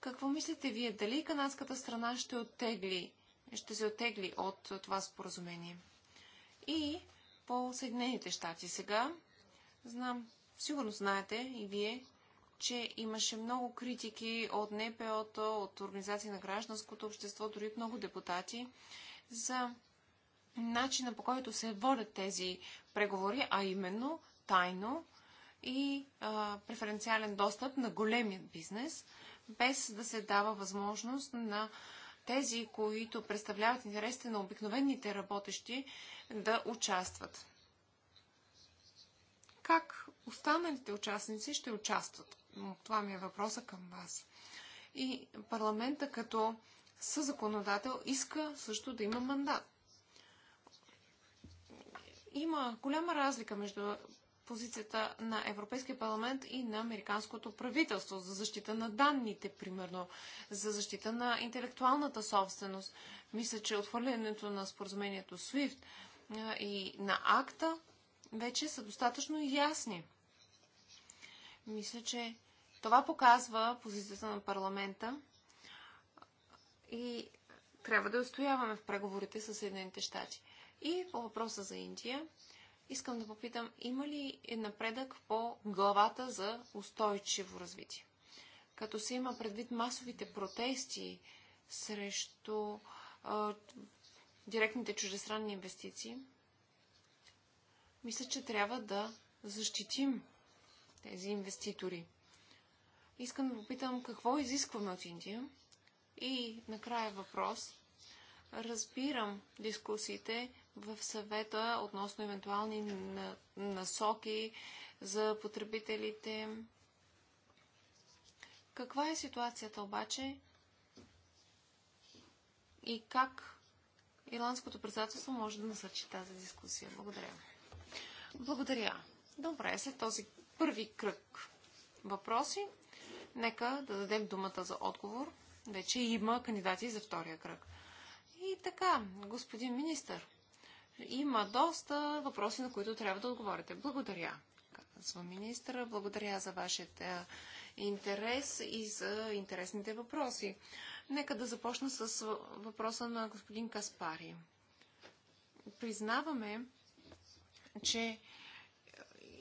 Какво мислите вие? Дали канадската страна ще оттегли, ще се оттегли от това споразумение? И по Съединените щати сега. Знам, сигурно знаете и вие, че имаше много критики от НПО-то, от Организации на гражданското общество, дори от много депутати, за начина по който се водят тези преговори, а именно тайно и а, преференциален достъп на големият бизнес, без да се дава възможност на тези, които представляват интересите на обикновените работещи, да участват. Как останалите участници ще участват? Това ми е въпроса към вас. И парламента като съзаконодател иска също да има мандат. Има голяма разлика между позицията на Европейския парламент и на американското правителство за защита на данните, примерно, за защита на интелектуалната собственост. Мисля, че отхвърлянето на споразумението SWIFT и на акта вече са достатъчно ясни. Мисля, че това показва позицията на парламента и трябва да устояваме в преговорите с Съединените щати. И по въпроса за Индия, Искам да попитам, има ли е напредък по главата за устойчиво развитие? Като се има предвид масовите протести срещу а, директните чуждестранни инвестиции, мисля, че трябва да защитим тези инвеститори. Искам да попитам какво изискваме от Индия. И накрая въпрос Разбирам дискусиите в съвета относно евентуални насоки за потребителите. Каква е ситуацията обаче и как Ирландското председателство може да насърчи тази дискусия? Благодаря. Благодаря. Добре, е след този първи кръг въпроси, нека да дадем думата за отговор. Вече има кандидати за втория кръг. И така, господин министър, има доста въпроси, на които трябва да отговорите. Благодаря, казва министра. Благодаря за вашите интерес и за интересните въпроси. Нека да започна с въпроса на господин Каспари. Признаваме, че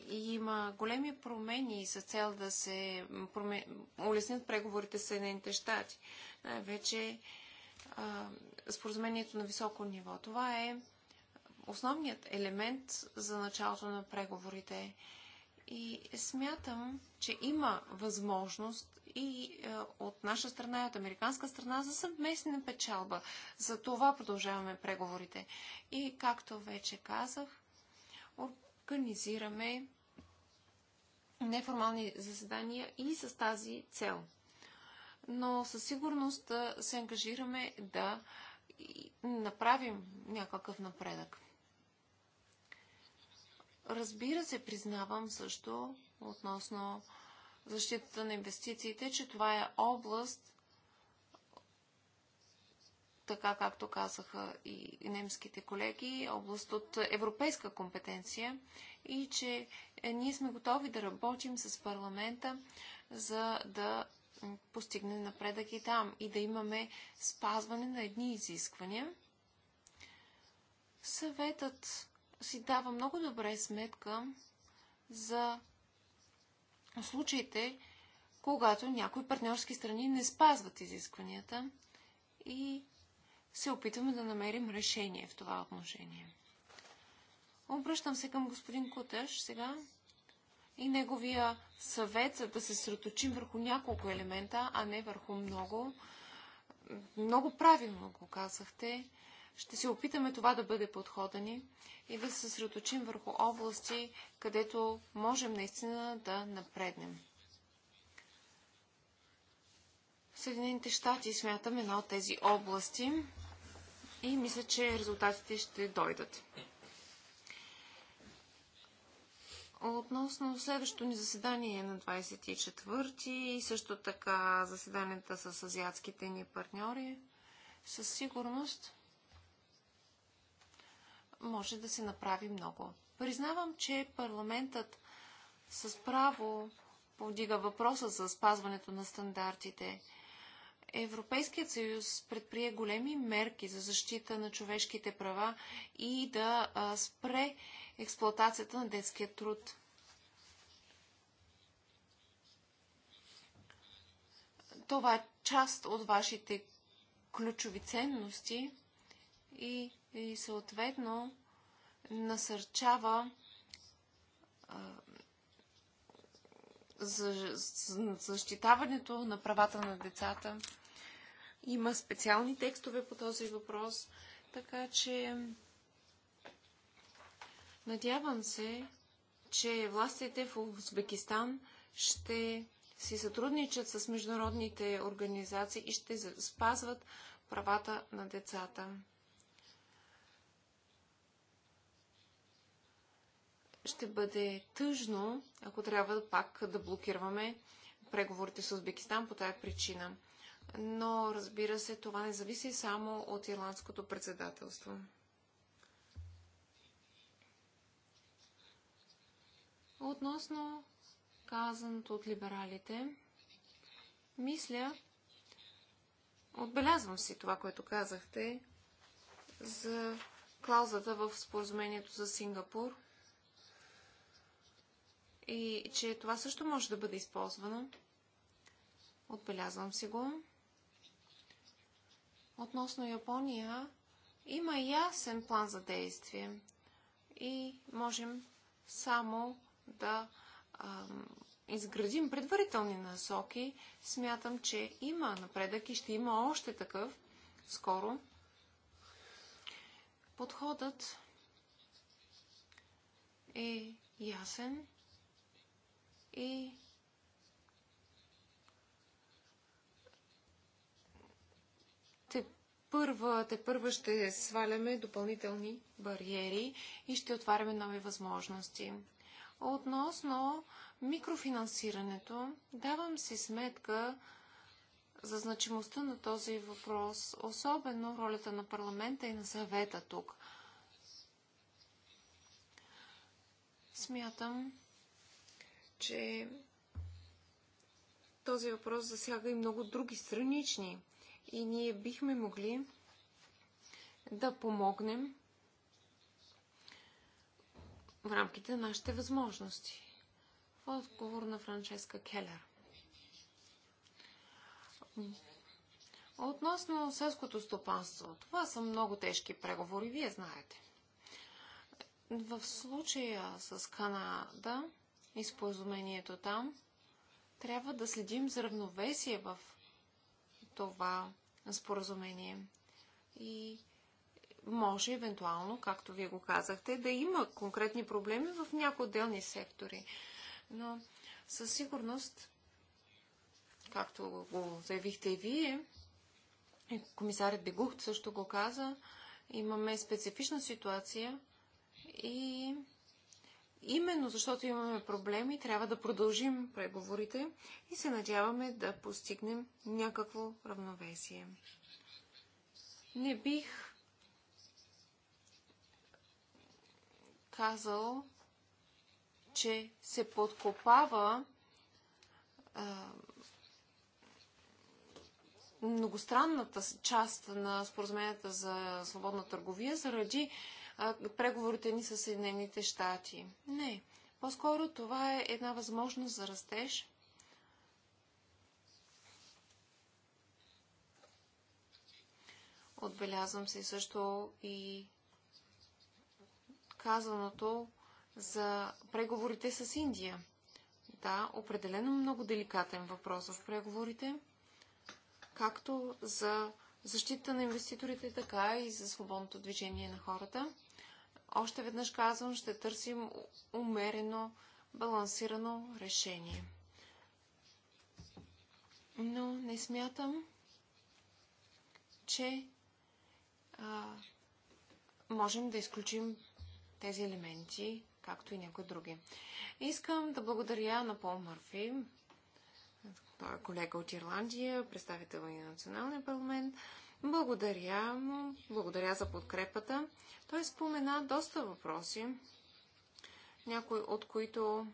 има големи промени с цел да се промен... улеснят преговорите с Съединените щати. Най-вече споразумението на високо ниво. Това е основният елемент за началото на преговорите. И смятам, че има възможност и е, от наша страна и от американска страна за съвместна печалба. За това продължаваме преговорите. И както вече казах, организираме неформални заседания и с тази цел. Но със сигурност е, се ангажираме да направим някакъв напредък. Разбира се, признавам също относно защитата на инвестициите, че това е област, така както казаха и немските колеги, област от европейска компетенция и че ние сме готови да работим с парламента, за да постигне напредък и там и да имаме спазване на едни изисквания. Съветът си дава много добре сметка за случаите, когато някои партньорски страни не спазват изискванията и се опитваме да намерим решение в това отношение. Обръщам се към господин Кутеш сега и неговия съвет за да се сръточим върху няколко елемента, а не върху много. Много правилно го казахте. Ще се опитаме това да бъде подходани и да се сръточим върху области, където можем наистина да напреднем. В Съединените щати смятам една от тези области и мисля, че резултатите ще дойдат. относно следващото ни заседание на 24 и също така заседанията с азиатските ни партньори, със сигурност може да се направи много. Признавам, че парламентът с право повдига въпроса за спазването на стандартите. Европейският съюз предприе големи мерки за защита на човешките права и да спре експлоатацията на детския труд. Това е част от вашите ключови ценности и, и съответно насърчава за защитаването на правата на децата. Има специални текстове по този въпрос, така че Надявам се, че властите в Узбекистан ще си сътрудничат с международните организации и ще спазват правата на децата. Ще бъде тъжно, ако трябва пак да блокираме преговорите с Узбекистан по тая причина. Но, разбира се, това не зависи само от ирландското председателство. Относно казаното от либералите, мисля, отбелязвам си това, което казахте за клаузата в споразумението за Сингапур и че това също може да бъде използвано. Отбелязвам си го. Относно Япония, има ясен план за действие и можем само да а, изградим предварителни насоки, смятам, че има напредък и ще има още такъв скоро. Подходът е ясен и те първа, те първа ще сваляме допълнителни бариери и ще отваряме нови възможности. Относно микрофинансирането, давам си сметка за значимостта на този въпрос, особено ролята на парламента и на съвета тук. Смятам, че този въпрос засяга и много други странични и ние бихме могли да помогнем в рамките на нашите възможности. Отговор на Франческа Келер. Относно селското стопанство, това са много тежки преговори, вие знаете. В случая с Канада и споразумението там, трябва да следим за равновесие в това споразумение. И може евентуално, както вие го казахте, да има конкретни проблеми в някои отделни сектори. Но със сигурност, както го заявихте и вие, и комисарят Бегухт също го каза, имаме специфична ситуация и именно защото имаме проблеми, трябва да продължим преговорите и се надяваме да постигнем някакво равновесие. Не бих казал, че се подкопава а, многостранната част на споразуменията за свободна търговия заради а, преговорите ни с Съединените щати. Не. По-скоро това е една възможност за растеж. Отбелязвам се също и казаното за преговорите с Индия. Да, определено много деликатен въпрос в преговорите, както за защита на инвеститорите, така и за свободното движение на хората. Още веднъж казвам, ще търсим умерено, балансирано решение. Но не смятам, че а, можем да изключим тези елементи, както и някои други. Искам да благодаря на Пол Мърфи, той е колега от Ирландия, представител и на Националния парламент. Благодаря му, благодаря за подкрепата. Той спомена доста въпроси, някои от които,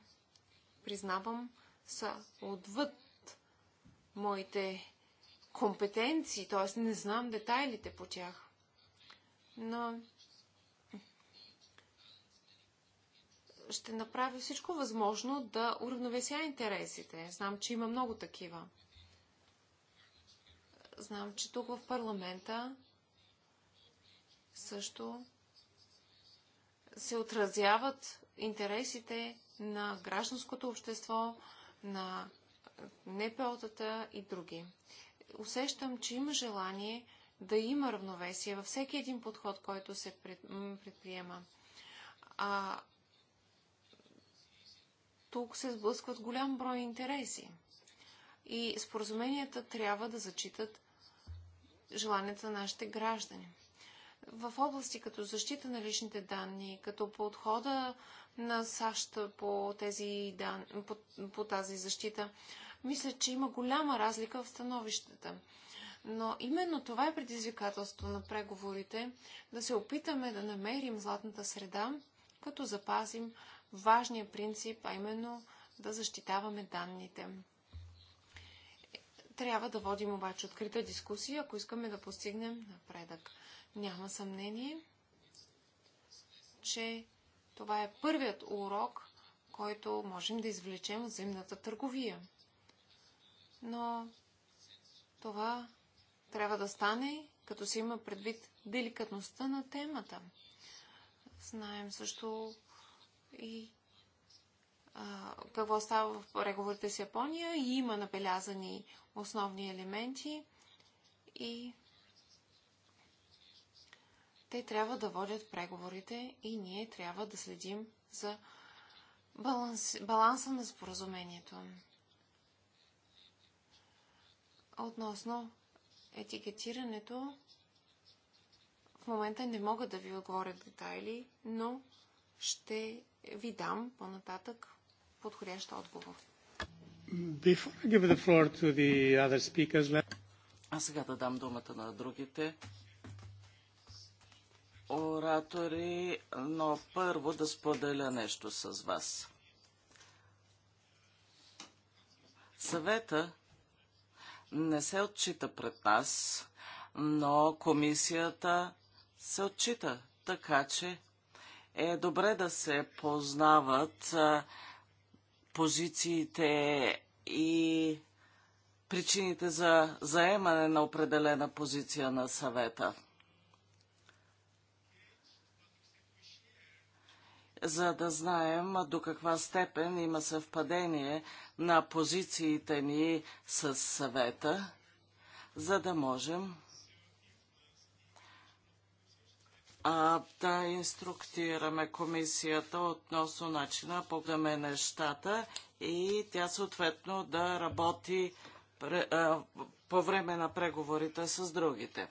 признавам, са отвъд моите компетенции, т.е. не знам детайлите по тях. Но ще направи всичко възможно да уравновеся интересите. Знам, че има много такива. Знам, че тук в парламента също се отразяват интересите на гражданското общество, на НПО-тата и други. Усещам, че има желание да има равновесие във всеки един подход, който се предприема. А тук се сблъскват голям брой интереси. И споразуменията трябва да зачитат желанията на нашите граждани. В области като защита на личните данни, като подхода на САЩ по, тези дан... по, по тази защита, мисля, че има голяма разлика в становищата. Но именно това е предизвикателство на преговорите да се опитаме да намерим златната среда като запазим важния принцип, а именно да защитаваме данните. Трябва да водим обаче открита дискусия, ако искаме да постигнем напредък. Няма съмнение, че това е първият урок, който можем да извлечем от земната търговия. Но това трябва да стане, като се има предвид деликатността на темата – Знаем също и а, какво става в преговорите с Япония. И има набелязани основни елементи и те трябва да водят преговорите и ние трябва да следим за баланс, баланса на споразумението. Относно етикетирането, момента не мога да ви отговоря в детайли, но ще ви дам по-нататък подходящ отговор. А сега да дам думата на другите оратори, но първо да споделя нещо с вас. Съвета не се отчита пред нас, но комисията се отчита. Така че е добре да се познават позициите и причините за заемане на определена позиция на съвета. за да знаем до каква степен има съвпадение на позициите ни с съвета, за да можем а, да инструктираме комисията относно начина по нещата и тя съответно да работи пре, а, по време на преговорите с другите.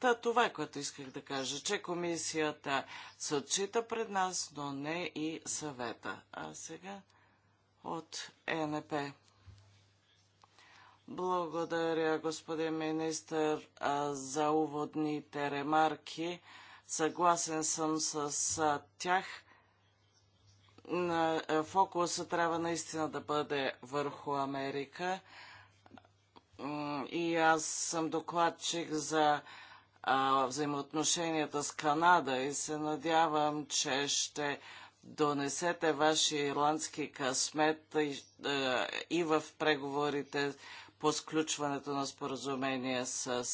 Та това е което исках да кажа, че комисията се отчита пред нас, но не и съвета. А сега от ЕНП. Благодаря, господин министър, за уводните ремарки. Съгласен съм с тях. Фокуса трябва наистина да бъде върху Америка. И аз съм докладчик за взаимоотношенията с Канада и се надявам, че ще донесете вашия ирландски късмет и, и в преговорите по сключването на споразумение с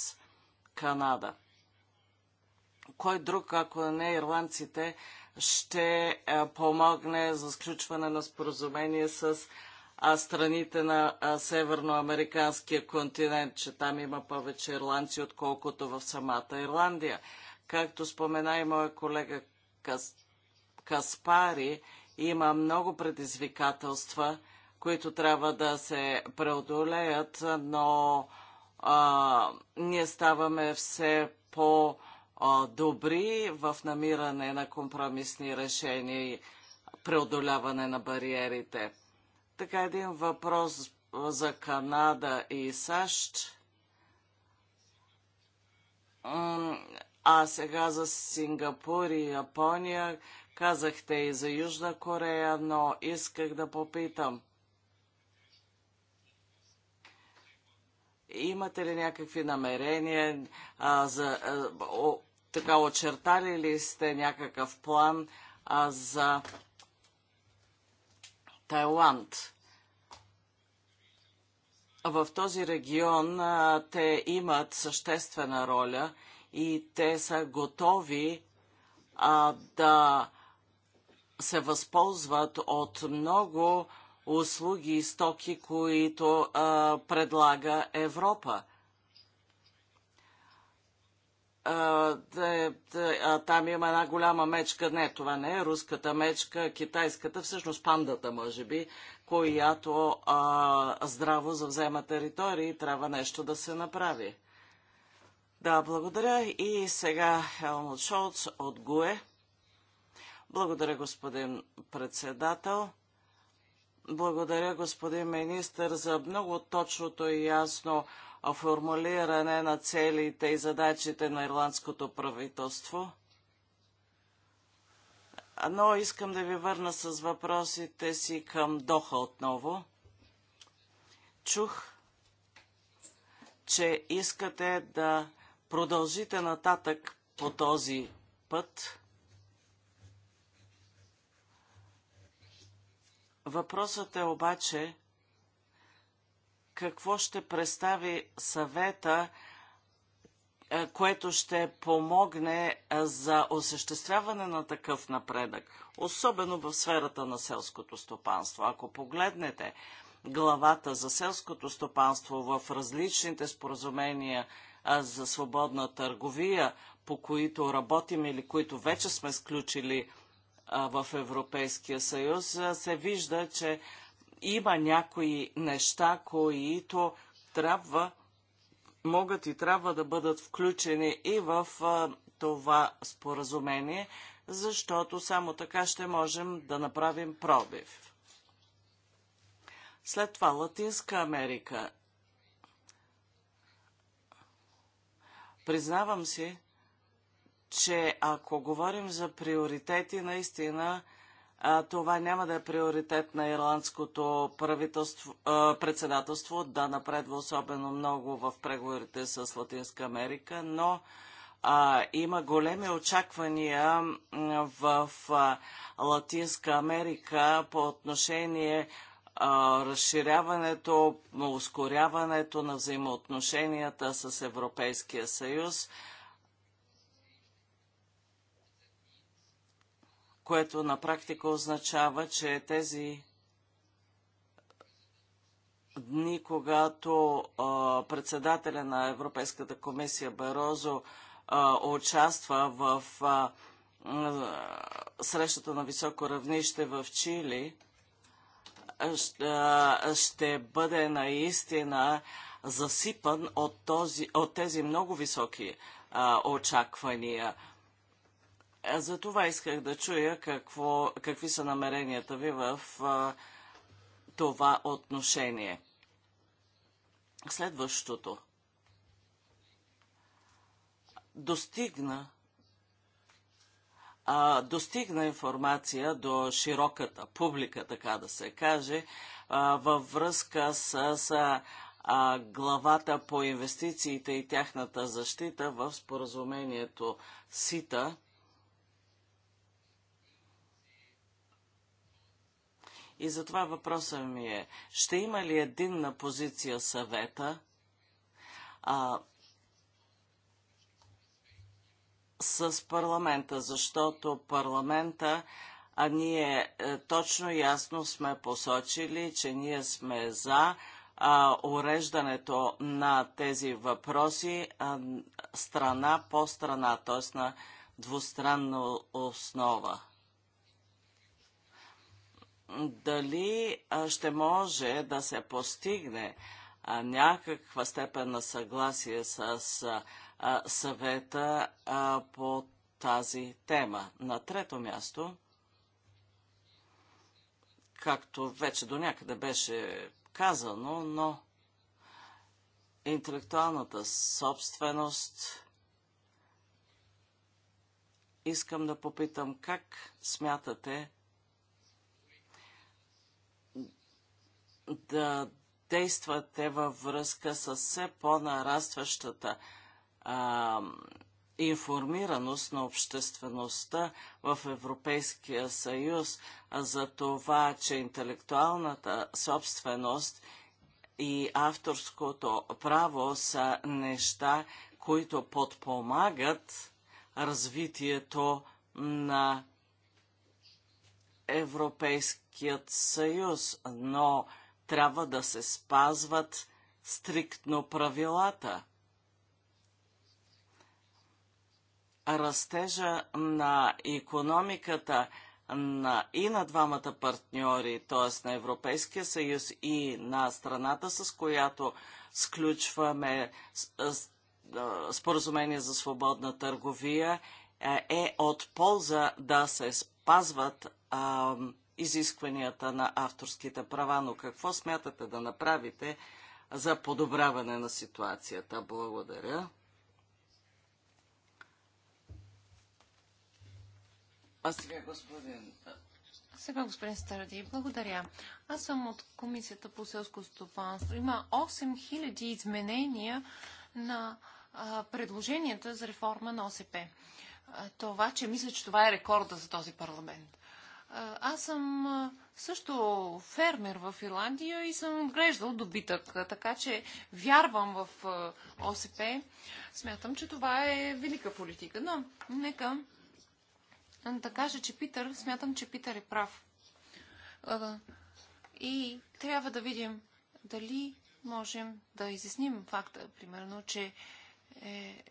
Канада кой друг, ако не ирландците, ще помогне за сключване на споразумение с страните на северноамериканския континент, че там има повече ирландци, отколкото в самата Ирландия. Както спомена и моя колега Кас... Каспари, има много предизвикателства, които трябва да се преодолеят, но а, ние ставаме все по- добри в намиране на компромисни решения и преодоляване на бариерите. Така един въпрос за Канада и САЩ. А сега за Сингапур и Япония казахте и за Южна Корея, но исках да попитам. Имате ли някакви намерения а, за, а, о, така очертали ли сте някакъв план а, за Тайланд? В този регион а, те имат съществена роля и те са готови а, да се възползват от много услуги и стоки, които а, предлага Европа а, е, да, а, там има една голяма мечка. Не, това не е руската мечка, китайската, всъщност пандата, може би, която а, здраво завзема територии и трябва нещо да се направи. Да, благодаря. И сега Хелмут Шолц от ГУЕ. Благодаря, господин председател. Благодаря, господин министр, за много точното и ясно формулиране на целите и задачите на ирландското правителство. Но искам да ви върна с въпросите си към Доха отново. Чух, че искате да продължите нататък по този път. Въпросът е обаче какво ще представи съвета, е, което ще помогне е, за осъществяване на такъв напредък, особено в сферата на селското стопанство. Ако погледнете главата за селското стопанство в различните споразумения е, за свободна търговия, по които работим или които вече сме сключили в Европейския съюз, се вижда, че има някои неща, които трябва, могат и трябва да бъдат включени и в това споразумение, защото само така ще можем да направим пробив. След това Латинска Америка. Признавам си, че ако говорим за приоритети, наистина това няма да е приоритет на ирландското правителство, председателство да напредва особено много в преговорите с Латинска Америка, но а, има големи очаквания в а, Латинска Америка по отношение а, разширяването, ускоряването на взаимоотношенията с Европейския съюз. което на практика означава, че тези дни, когато председателя на Европейската комисия Берозо участва в срещата на високо равнище в Чили, ще бъде наистина засипан от, този, от тези много високи очаквания. Е, за това исках да чуя какво, какви са намеренията ви в а, това отношение. Следващото. Достигна а, достигна информация до широката публика, така да се каже, а, във връзка с, с а, главата по инвестициите и тяхната защита в споразумението СИТА – И затова въпросът ми е, ще има ли единна позиция съвета а, с парламента, защото парламента а ние е, точно ясно сме посочили, че ние сме за а, уреждането на тези въпроси а, страна по страна, т.е. на двустранна основа дали ще може да се постигне някаква степен на съгласие с съвета по тази тема. На трето място, както вече до някъде беше казано, но интелектуалната собственост. Искам да попитам как смятате да действате във връзка с все по-нарастващата информираност на обществеността в Европейския съюз за това, че интелектуалната собственост и авторското право са неща, които подпомагат развитието на Европейският съюз, но трябва да се спазват стриктно правилата. Растежа на економиката на, и на двамата партньори, т.е. на Европейския съюз и на страната, с която сключваме споразумение за свободна търговия, е, е от полза да се спазват изискванията на авторските права, но какво смятате да направите за подобряване на ситуацията? Благодаря. А сега господин... Сега господин Старади, благодаря. Аз съм от Комисията по селско стопанство. Има 8000 изменения на а, предложенията за реформа на ОСП. А, това, че мисля, че това е рекорда за този парламент. Аз съм също фермер в Ирландия и съм отглеждал добитък, така че вярвам в ОСП. Смятам, че това е велика политика. Но нека да кажа, че Питър, смятам, че Питър е прав. И трябва да видим дали можем да изясним факта, примерно, че е,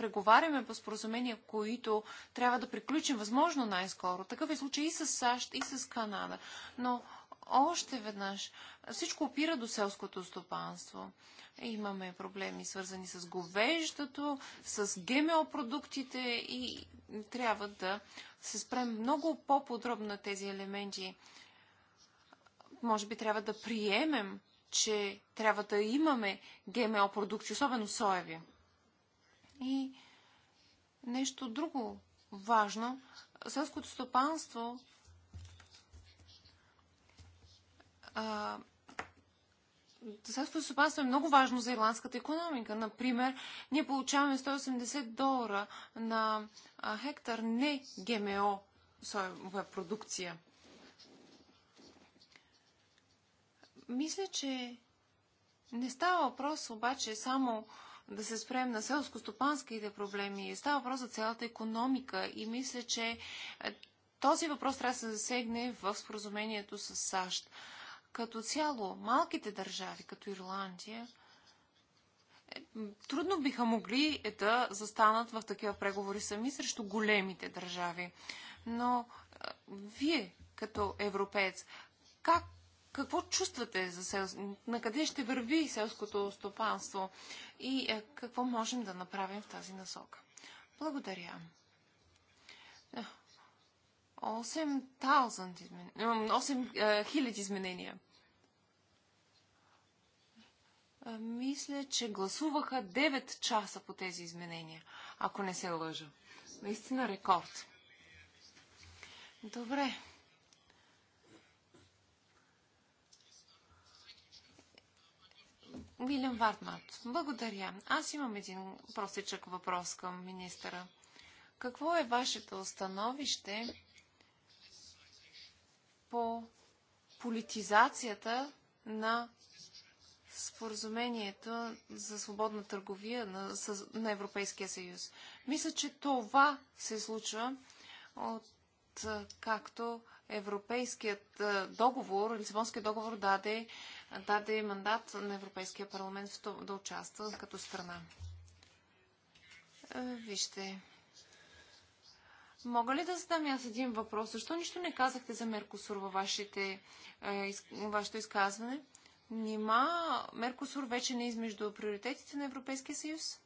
преговаряме по споразумения, които трябва да приключим възможно най-скоро. Такъв е случай и с САЩ, и с Канада. Но още веднъж всичко опира до селското стопанство. Имаме проблеми свързани с говеждато, с ГМО продуктите и трябва да се спрем много по-подробно на тези елементи. Може би трябва да приемем, че трябва да имаме ГМО продукти, особено соеви. И нещо друго важно. Селското стопанство а, селското стопанство е много важно за ирландската економика. Например, ние получаваме 180 долара на хектар не ГМО соева продукция. Мисля, че не става въпрос обаче само да се спрем на селско-стопанските проблеми. Става въпрос за цялата економика и мисля, че е, този въпрос трябва да се засегне в споразумението с САЩ. Като цяло, малките държави, като Ирландия, е, трудно биха могли е, да застанат в такива преговори сами срещу големите държави. Но вие, като европеец, как какво чувствате за селско, на къде ще върви селското стопанство и е, какво можем да направим в тази насока. Благодаря. 8000 е, измен... Е, изменения. Мисля, че гласуваха 9 часа по тези изменения, ако не се лъжа. Наистина рекорд. Добре. Милен Вартмат, благодаря. Аз имам един простичък въпрос към министъра. Какво е вашето установище по политизацията на споразумението за свободна търговия на, на Европейския съюз? Мисля, че това се случва от както Европейският договор, Лисабонският договор даде даде мандат на Европейския парламент да участва като страна. Е, вижте. Мога ли да задам аз един въпрос? Защо нищо не казахте за Меркосур във вашите, е, вашето изказване? Нима Меркосур вече не е измежду приоритетите на Европейския съюз?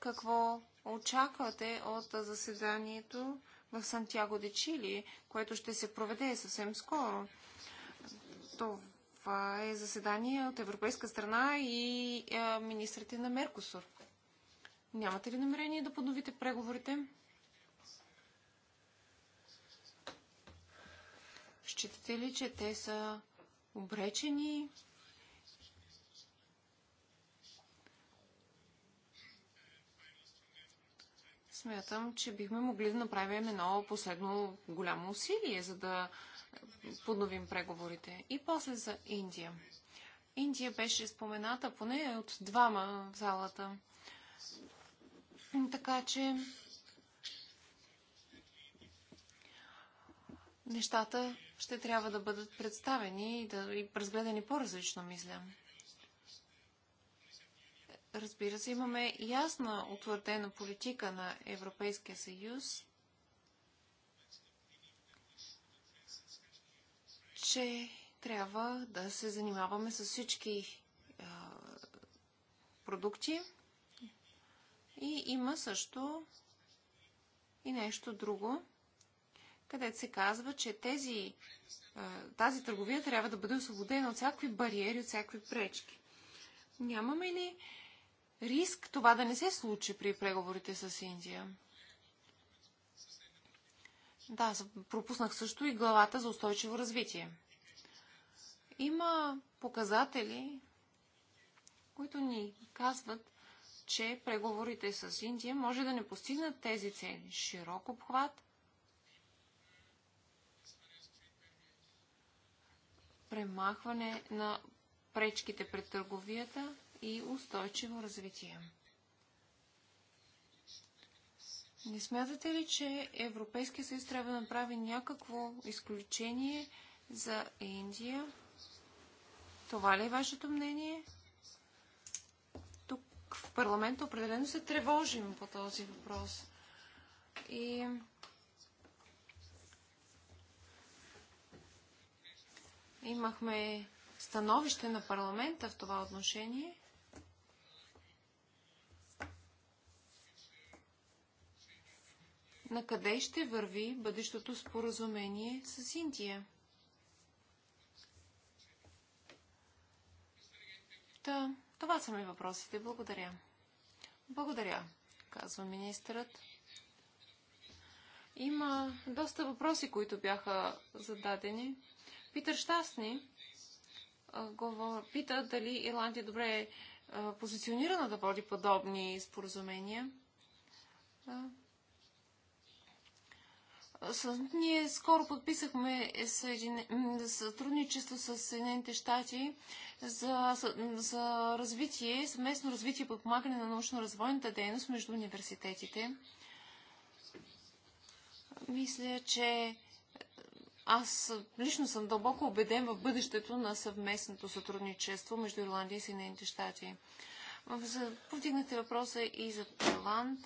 Какво очаквате от заседанието в Сантьяго де Чили, което ще се проведе съвсем скоро? Това е заседание от европейска страна и е, министрите на Меркосур. Нямате ли намерение да подновите преговорите? Считате ли, че те са обречени? Смятам, че бихме могли да направим едно последно голямо усилие, за да подновим преговорите. И после за Индия. Индия беше спомената поне от двама в залата. Така че нещата ще трябва да бъдат представени и, да, и разгледани по-различно, мисля. Разбира се, имаме ясна утвърдена политика на Европейския съюз че трябва да се занимаваме с всички а, продукти. И има също и нещо друго, където се казва, че тези, а, тази търговия трябва да бъде освободена от всякакви бариери, от всякакви пречки. Нямаме ли риск това да не се случи при преговорите с Индия? Да, пропуснах също и главата за устойчиво развитие. Има показатели, които ни казват, че преговорите с Индия може да не постигнат тези цели. Широк обхват, премахване на пречките пред търговията и устойчиво развитие. Не смятате ли, че Европейския съюз трябва да направи някакво изключение за Индия? Това ли е вашето мнение? Тук в парламента определено се тревожим по този въпрос. И имахме становище на парламента в това отношение. На къде ще върви бъдещото споразумение с Индия? Та, това са ми въпросите. Благодаря. Благодаря, казва министърът. Има доста въпроси, които бяха зададени. Питър Щастни пита дали Ирландия добре е позиционирана да води подобни споразумения ние скоро подписахме сътрудничество с Съединените щати за, за развитие, съвместно развитие и подпомагане на научно-развойната дейност между университетите. Мисля, че аз лично съм дълбоко убеден в бъдещето на съвместното сътрудничество между Ирландия и Съединените щати. Повдигнахте въпроса и за Тайланд.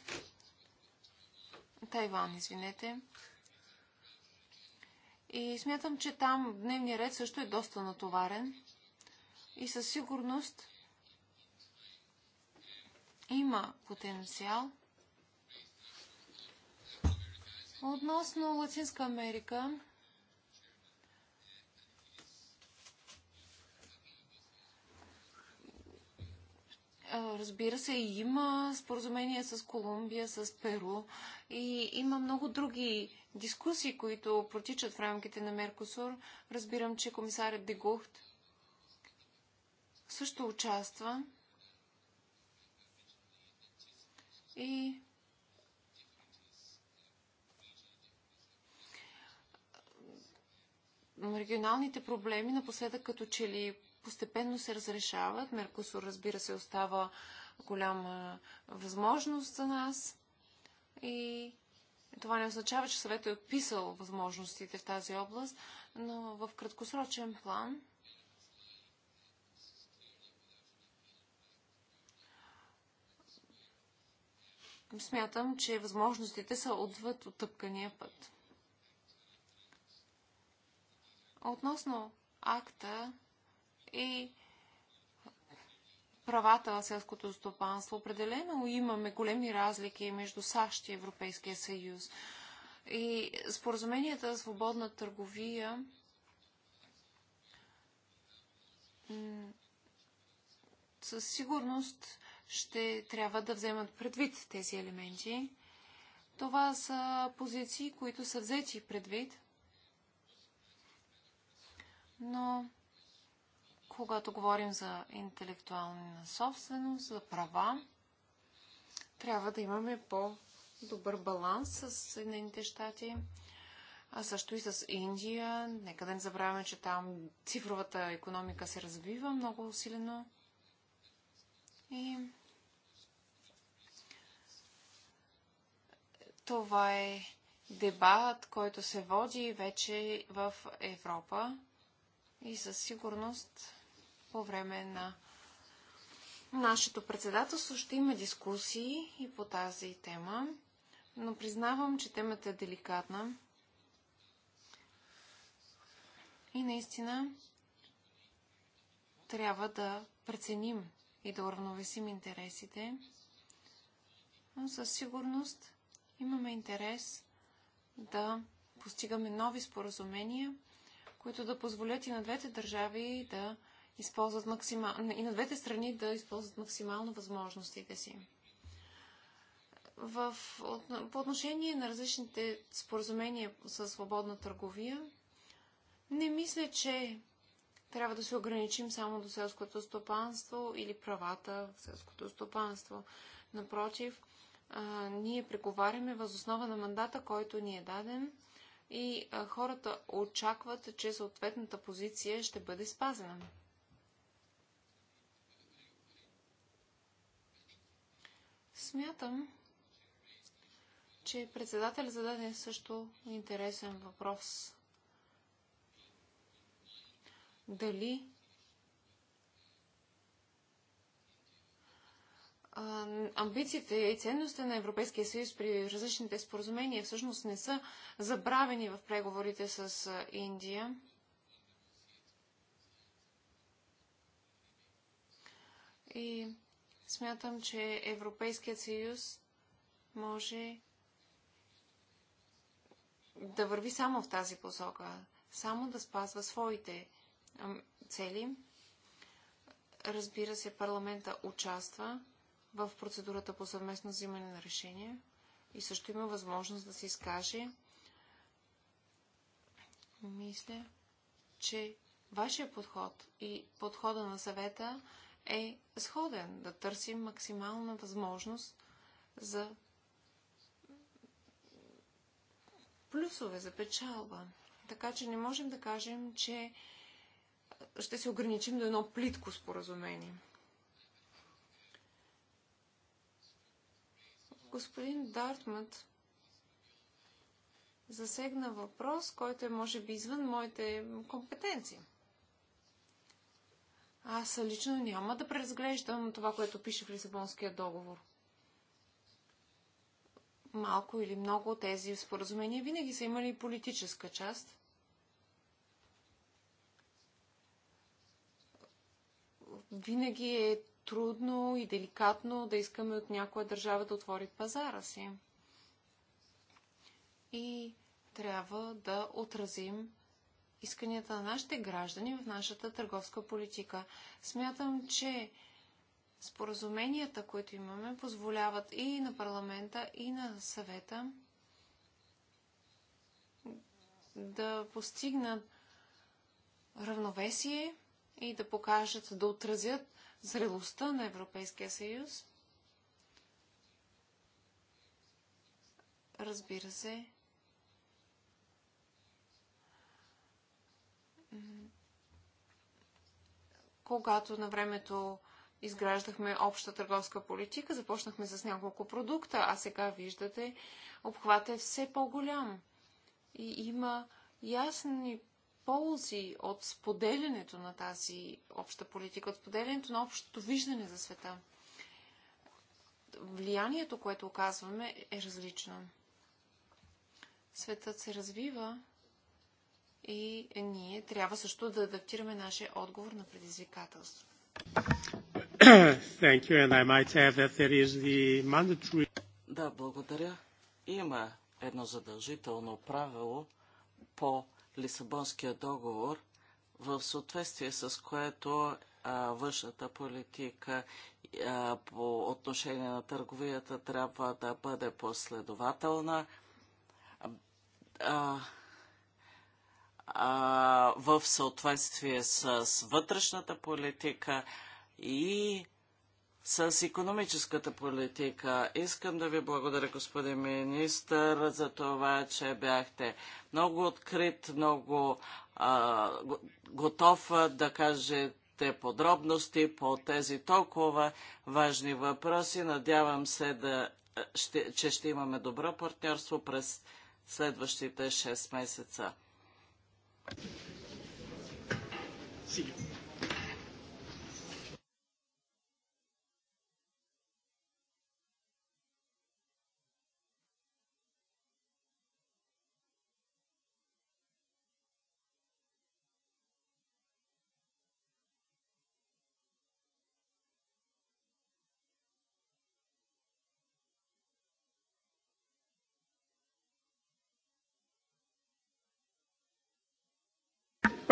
Тайван, извинете. И смятам, че там дневният ред също е доста натоварен. И със сигурност има потенциал. Относно Латинска Америка, разбира се, има споразумения с Колумбия, с Перу и има много други дискусии, които протичат в рамките на Меркосур. Разбирам, че комисарят Дегухт също участва и регионалните проблеми напоследък като че ли постепенно се разрешават. Меркосур, разбира се, остава голяма възможност за нас и това не означава, че съветът е отписал възможностите в тази област, но в краткосрочен план смятам, че възможностите са отвъд тъпкания път. Относно акта и правата на селското стопанство. Определено имаме големи разлики между САЩ и Европейския съюз. И споразуменията за свободна търговия със сигурност ще трябва да вземат предвид тези елементи. Това са позиции, които са взети предвид, но когато говорим за интелектуална собственост, за права, трябва да имаме по-добър баланс с Съединените щати, а също и с Индия. Нека да не забравяме, че там цифровата економика се развива много усилено. И това е дебат, който се води вече в Европа и със сигурност по време на нашето председателство ще има дискусии и по тази тема, но признавам, че темата е деликатна. И наистина трябва да преценим и да уравновесим интересите. Но със сигурност имаме интерес да постигаме нови споразумения, които да позволят и на двете държави да използват максимално, и на двете страни да използват максимално възможностите си. В, от, по отношение на различните споразумения за свободна търговия, не мисля, че трябва да се ограничим само до селското стопанство или правата в селското стопанство. Напротив, а, ние преговаряме възоснова на мандата, който ни е даден и а, хората очакват, че съответната позиция ще бъде спазена. Смятам, че председател зададе също интересен въпрос. Дали амбициите и ценностите на Европейския съюз при различните споразумения всъщност не са забравени в преговорите с Индия. И Смятам, че Европейският съюз може да върви само в тази посока, само да спазва своите цели. Разбира се, парламента участва в процедурата по съвместно взимане на решения и също има възможност да се изкаже. Мисля, че вашия подход и подхода на съвета е сходен. Да търсим максимална възможност за плюсове, за печалба. Така че не можем да кажем, че ще се ограничим до едно плитко споразумение. Господин Дартмът засегна въпрос, който е може би извън моите компетенции. Аз лично няма да преразглеждам това, което пише в Лисабонския договор. Малко или много тези споразумения винаги са имали политическа част. Винаги е трудно и деликатно да искаме от някоя държава да отвори пазара си. И трябва да отразим исканията на нашите граждани в нашата търговска политика. Смятам, че споразуменията, които имаме, позволяват и на парламента, и на съвета да постигнат равновесие и да покажат, да отразят зрелостта на Европейския съюз. Разбира се, когато на времето изграждахме обща търговска политика, започнахме с няколко продукта, а сега виждате, обхватът е все по-голям. И има ясни ползи от споделянето на тази обща политика, от споделянето на общото виждане за света. Влиянието, което оказваме, е различно. Светът се развива и ние трябва също да адаптираме нашия отговор на предизвикателство. Mandatory... Да, благодаря. Има едно задължително правило по Лисабонския договор, в съответствие с което а, външната политика а, по отношение на търговията трябва да бъде последователна. А, в съответствие с вътрешната политика и с економическата политика. Искам да ви благодаря, господин министър, за това, че бяхте много открит, много а, готов да кажете подробности по тези толкова важни въпроси. Надявам се, да, ще, че ще имаме добро партньорство през следващите 6 месеца. See you.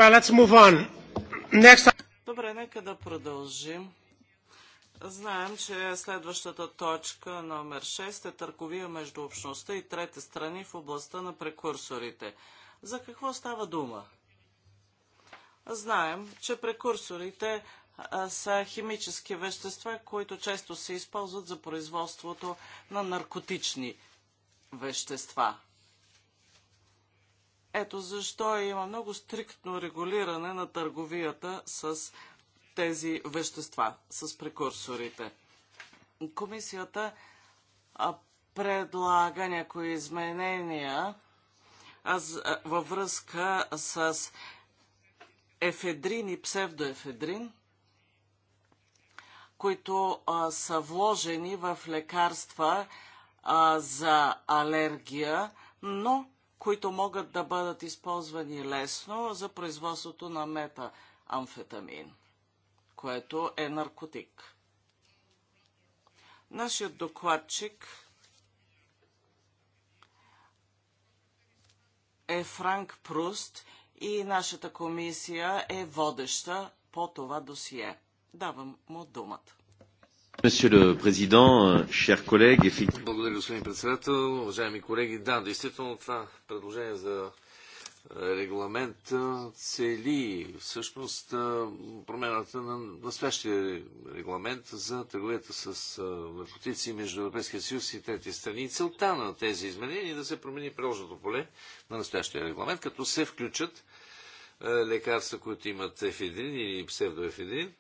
let's move on. Next... Добре, нека да продължим. Знаем, че следващата точка, номер 6, е търговия между общността и трети страни в областта на прекурсорите. За какво става дума? Знаем, че прекурсорите са химически вещества, които често се използват за производството на наркотични вещества. Ето защо има много стриктно регулиране на търговията с тези вещества, с прекурсорите. Комисията предлага някои изменения във връзка с ефедрин и псевдоефедрин, които са вложени в лекарства за алергия, но които могат да бъдат използвани лесно за производството на метаамфетамин, което е наркотик. Нашият докладчик е Франк Пруст и нашата комисия е водеща по това досие. Давам му думата. Euh, Благодаря, господин председател. Уважаеми колеги, да, действително това предложение за е, регламент е, цели всъщност е, промената на настоящия регламент за търговията с наркотици между Европейския съюз и трети страни. И целта на тези изменения е да се промени приложното поле на настоящия регламент, като се включат лекарства, които имат ефедрин или псевдоефедрин,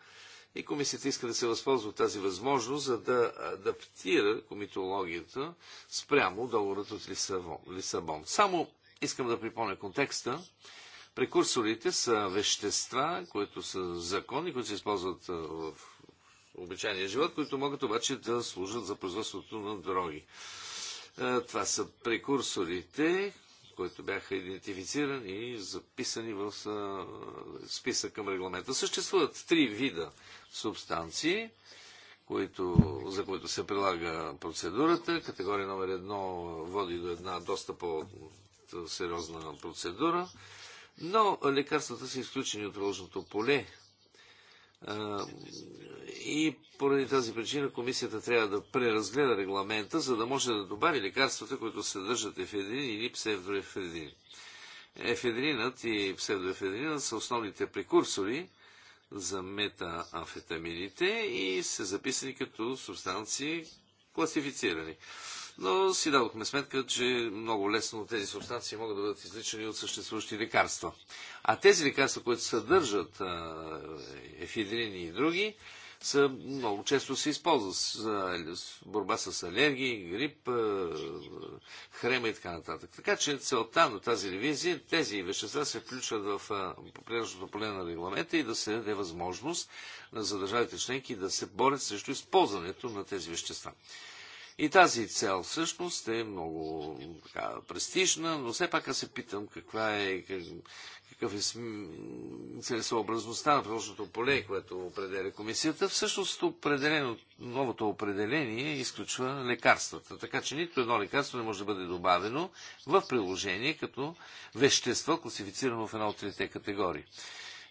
и комисията иска да се възползва от тази възможност, за да адаптира комитологията спрямо договорът от Лисабон. Само искам да припомня контекста. Прекурсорите са вещества, които са закони, които се използват в обичайния живот, които могат обаче да служат за производството на дроги. Това са прекурсорите, които бяха идентифицирани и записани в списък към регламента. Съществуват три вида субстанции, които, за които се прилага процедурата. Категория номер едно води до една доста по-сериозна процедура, но лекарствата са изключени от приложното поле и поради тази причина комисията трябва да преразгледа регламента, за да може да добави лекарствата, които съдържат ефедрин или псевдоефедрин. Ефедринът и псевдоефедринът са основните прекурсори за метаамфетамините и са записани като субстанции класифицирани но си дадохме сметка, че много лесно тези субстанции могат да бъдат изличани от съществуващи лекарства. А тези лекарства, които съдържат ефедрини и други, са, много често се използват за борба с алергии, грип, хрема и така нататък. Така че целта на тази ревизия, е тези вещества се включват в приложното поле на регламента и да се даде възможност за държавите членки да се борят срещу използването на тези вещества. И тази цел всъщност е много така, престижна, но все пак аз се питам каква е, какъв е целесообразността на приложното поле, което определя комисията. Всъщност определено, новото определение изключва лекарствата. Така че нито едно лекарство не може да бъде добавено в приложение като вещество, класифицирано в една от трите категории.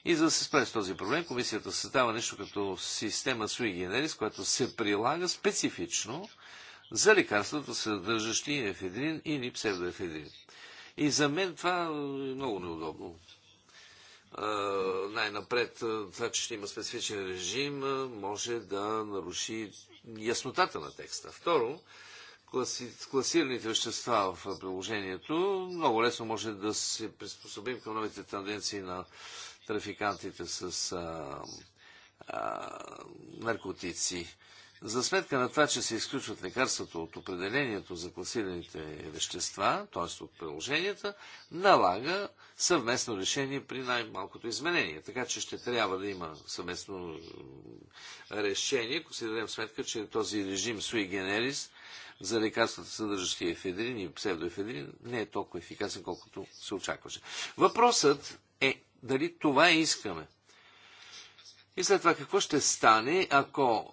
И за да се справи с този проблем, комисията създава нещо като система sui generis, която се прилага специфично за лекарствата, съдържащи ефедрин или псевдоефедрин. И за мен това е много неудобно. най-напред това, че ще има специфичен режим, може да наруши яснотата на текста. Второ, класираните вещества в приложението много лесно може да се приспособим към новите тенденции на трафикантите с а, а, наркотици. За сметка на това, че се изключват лекарствата от определението за класираните вещества, т.е. от приложенията, налага съвместно решение при най-малкото изменение. Така че ще трябва да има съвместно решение, ако си дадем сметка, че този режим sui generis за лекарствата, съдържащи ефедрин и псевдоефедрин, не е толкова ефикасен, колкото се очакваше. Въпросът е дали това искаме. И след това какво ще стане, ако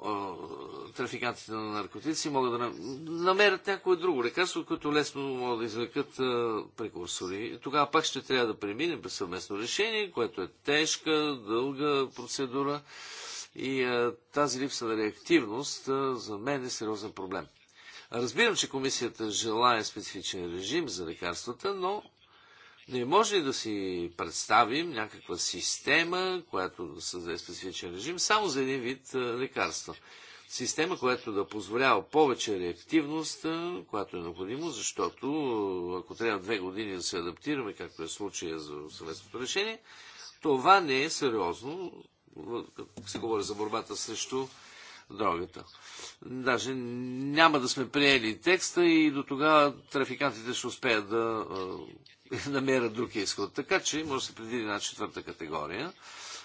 е, трафикантите на наркотици могат да намерят някое друго лекарство, което лесно могат да извлекат е, прекурсори. Тогава пак ще трябва да преминем през съвместно решение, което е тежка, дълга процедура и е, тази липса на реактивност е, за мен е сериозен проблем. Разбирам, че комисията желая специфичен режим за лекарствата, но не може да си представим някаква система, която да създаде специфичен режим, само за един вид лекарства. Система, която да позволява повече реактивност, която е необходимо, защото ако трябва две години да се адаптираме, както е случая за съветското решение, това не е сериозно, като се говори за борбата срещу дрогата. Даже няма да сме приели текста и до тогава трафикантите ще успеят да намерят друг изход. Така че може да се предвиди една четвърта категория.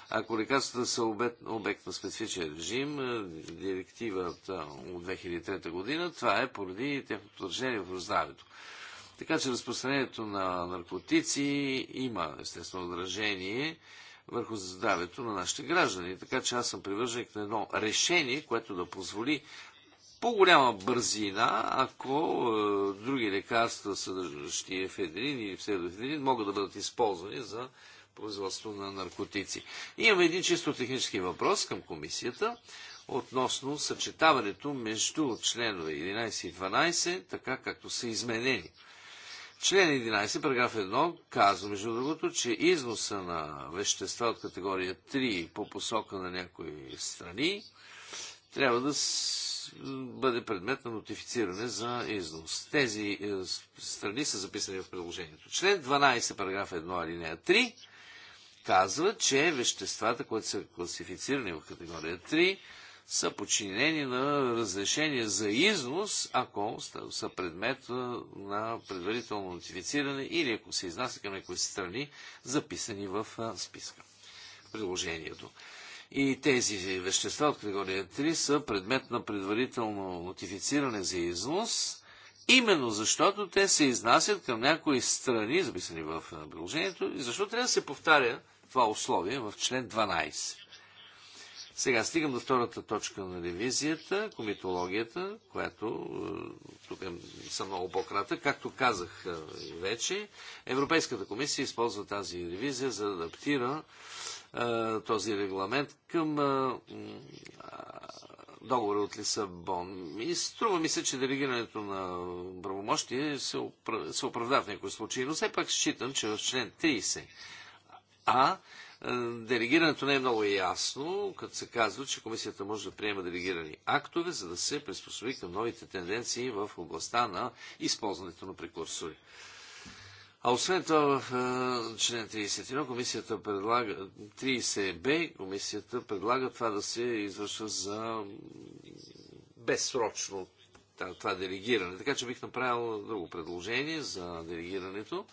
Ако лекарствата са обект, обект на специфичен режим, е, директивата от 2003 година, това е поради техното отражение в здравето. Така че разпространението на наркотици има естествено отражение върху здравето на нашите граждани. Така че аз съм привържен на едно решение, което да позволи по-голяма бързина, ако е, други лекарства, съдържащи ефедрин или псевдоефедрин, могат да бъдат използвани за производство на наркотици. И имаме един чисто технически въпрос към комисията относно съчетаването между членове 11 и 12, така както са изменени. Член 11, параграф 1 казва, между другото, че износа на вещества от категория 3 по посока на някои страни трябва да бъде предмет на нотифициране за износ. Тези е, страни са записани в приложението. Член 12, параграф 1, алинея 3 казва, че веществата, които са класифицирани в категория 3, са подчинени на разрешение за износ, ако са предмет е, на предварително нотифициране или ако се изнася към някои страни, записани в е, списка. Приложението. И тези вещества от категория 3 са предмет на предварително нотифициране за износ, именно защото те се изнасят към някои страни, записани в приложението, и защо трябва да се повтаря това условие в член 12. Сега стигам до втората точка на ревизията, комитологията, която тук е, съм много по-крата. Както казах вече, Европейската комисия използва тази ревизия за да адаптира е, този регламент към е, договора от Лисабон. И струва ми се, че делегирането на правомощие се, оправ... се в някои случаи, но все пак считам, че в член 30 а е, делегирането не е много ясно, като се казва, че комисията може да приема делегирани актове, за да се приспособи към новите тенденции в областта на използването на прекурсори. А освен това в член 31 комисията предлага 30б, комисията предлага това да се извършва за безсрочно това делегиране. Така че бих направил друго предложение за делегирането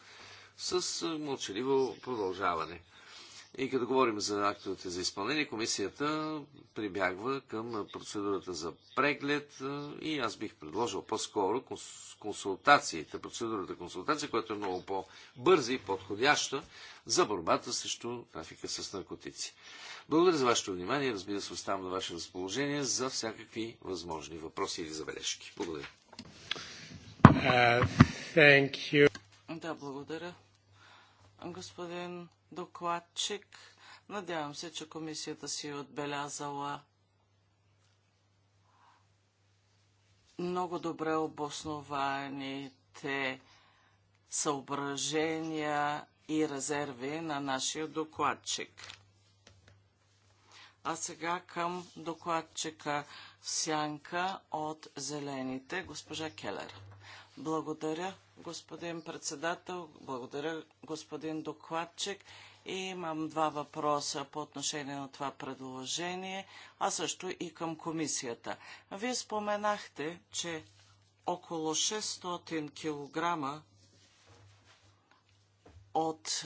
с мълчаливо продължаване. И като говорим за актовете за изпълнение, комисията прибягва към процедурата за преглед и аз бих предложил по-скоро консултациите, процедурата консултация, която е много по-бърза и подходяща за борбата срещу трафика с наркотици. Благодаря за вашето внимание. Разбира се, оставам на ваше разположение за всякакви възможни въпроси или забележки. Благодаря. Uh, да, благодаря. Господин докладчик. Надявам се, че комисията си е отбелязала много добре обоснованите съображения и резерви на нашия докладчик. А сега към докладчика Сянка от Зелените, госпожа Келер. Благодаря господин председател. Благодаря, господин докладчик. И имам два въпроса по отношение на това предложение, а също и към комисията. Вие споменахте, че около 600 кг от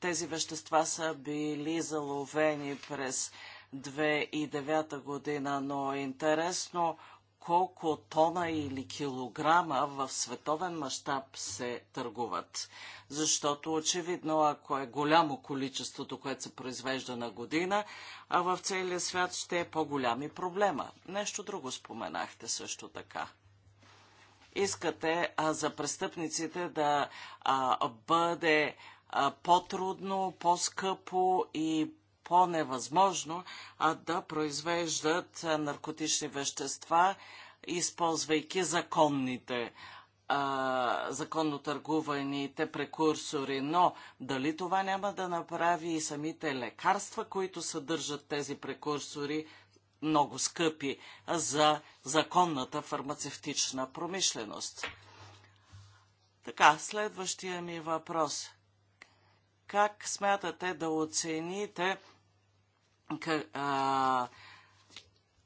тези вещества са били заловени през 2009 година, но интересно колко тона или килограма в световен мащаб се търгуват. Защото очевидно, ако е голямо количеството, което се произвежда на година, а в целия свят ще е по-голям и проблема. Нещо друго споменахте също така. Искате а, за престъпниците да а, бъде по-трудно, по-скъпо и по-невъзможно, да произвеждат наркотични вещества, използвайки законните законно търгуваните прекурсори, но дали това няма да направи и самите лекарства, които съдържат тези прекурсори, много скъпи за законната фармацевтична промишленост. Така, следващия ми въпрос. Как смятате да оцените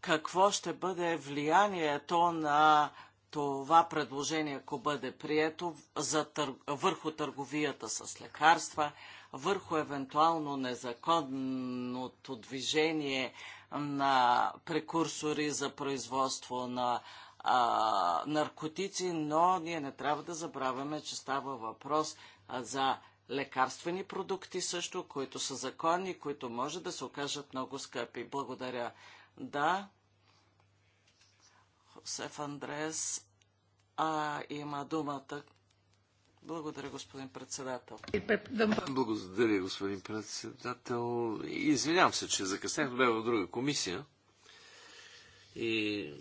какво ще бъде влиянието на това предложение, ако бъде прието, за тър... върху търговията с лекарства, върху евентуално незаконното движение на прекурсори за производство на а, наркотици, но ние не трябва да забравяме, че става въпрос за лекарствени продукти също, които са законни, които може да се окажат много скъпи. Благодаря. Да, Хосеф Андрес а, има думата. Благодаря, господин председател. Благодаря, господин председател. Извинявам се, че закъснях. Бе в друга комисия. И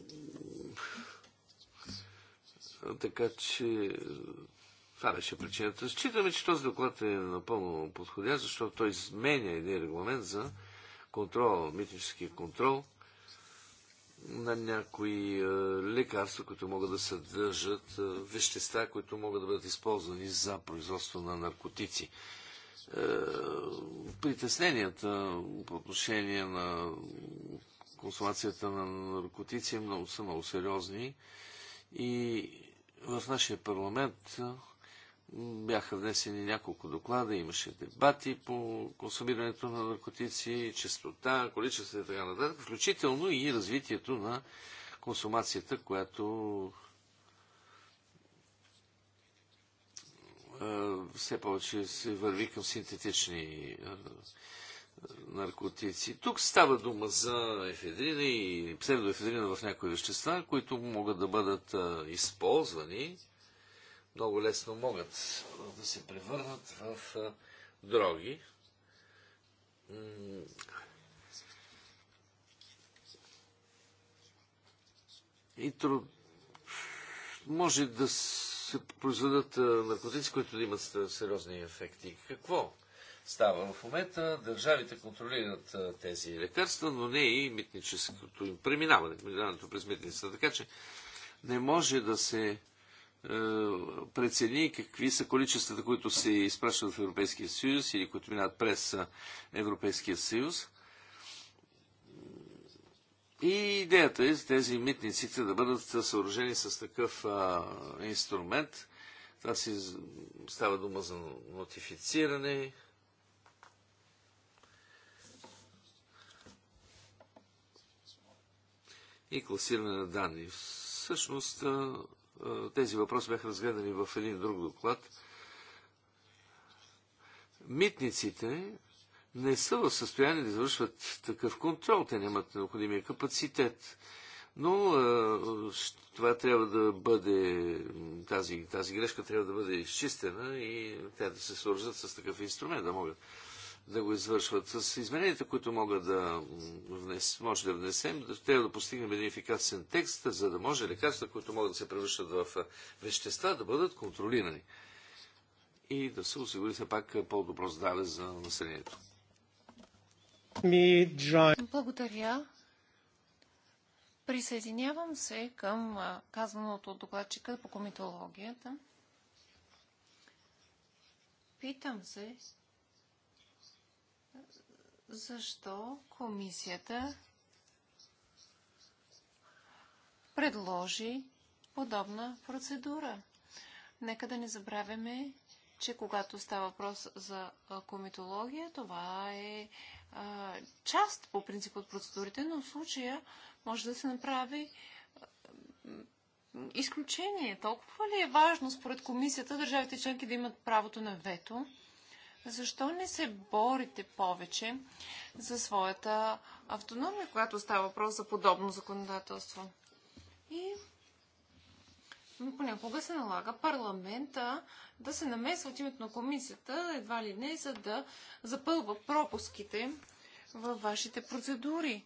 така че това беше причината. Считаме, че този доклад е напълно подходящ, защото той изменя един регламент за контрол, митнически контрол на някои е, лекарства, които могат да съдържат е, вещества, които могат да бъдат използвани за производство на наркотици. Е, притесненията по отношение на консумацията на наркотици много, са много сериозни и в нашия парламент бяха внесени няколко доклада, имаше дебати по консумирането на наркотици, честота, количество и така нататък, включително и развитието на консумацията, която все повече се върви към синтетични наркотици. Тук става дума за ефедрина и псевдоефедрина в някои вещества, които могат да бъдат използвани много лесно могат да се превърнат в дроги. И труд... може да се произведат наркотици, които да имат сериозни ефекти. Какво става в момента? Държавите контролират тези лекарства, но не и митническото им преминаване, преминаването през митницата. Така че не може да се е, прецени какви са количествата, които се изпращат в Европейския съюз или които минават през е, Европейския съюз. И идеята е тези митниците да бъдат съоръжени с такъв а, инструмент. Това си става дума за нотифициране. И класиране на данни. Всъщност, е, тези въпроси бяха разгледани в един друг доклад. Митниците не са в състояние да извършват такъв контрол. Те нямат необходимия капацитет. Но е, това трябва да бъде, тази, тази грешка трябва да бъде изчистена и те да се свържат с такъв инструмент, да могат да го извършват. С измененията, които могат да внес, може да внесем, трябва да постигнем един ефикасен текст, за да може лекарства, които могат да се превръщат в вещества, да бъдат контролирани и да се осигури все пак по-добро здраве за населението. Благодаря. Присъединявам се към казаното от докладчика по комитологията. Питам се защо комисията предложи подобна процедура. Нека да не забравяме, че когато става въпрос за комитология, това е а, част по принцип от процедурите, но в случая може да се направи изключение. Толкова ли е важно според комисията държавите членки да имат правото на вето защо не се борите повече за своята автономия, когато става въпрос за подобно законодателство? И понякога се налага парламента да се намесва от името на комисията, едва ли не, за да запълва пропуските във вашите процедури.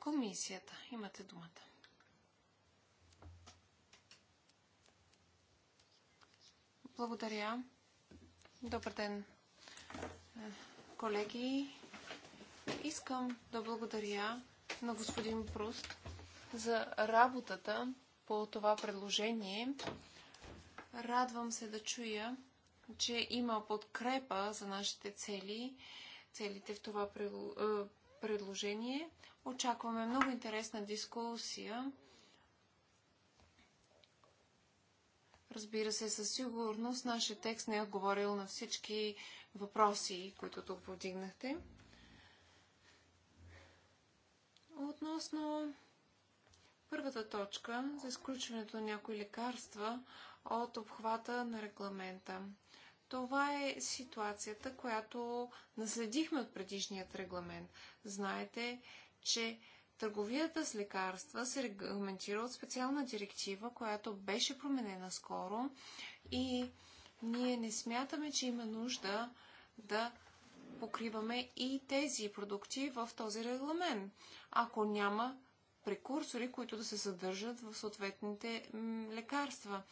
Комисията, имате думата. Благодаря. Добър ден, е, колеги. Искам да благодаря на господин Пруст за работата по това предложение. Радвам се да чуя, че има подкрепа за нашите цели, целите в това е, предложение. Очакваме много интересна дискусия Разбира се, със сигурност нашия текст не е отговорил на всички въпроси, които тук повдигнахте. Относно първата точка за изключването на някои лекарства от обхвата на регламента. Това е ситуацията, която наследихме от предишният регламент. Знаете, че Търговията с лекарства се регламентира от специална директива, която беше променена скоро и ние не смятаме, че има нужда да покриваме и тези продукти в този регламент, ако няма прекурсори, които да се съдържат в съответните лекарства.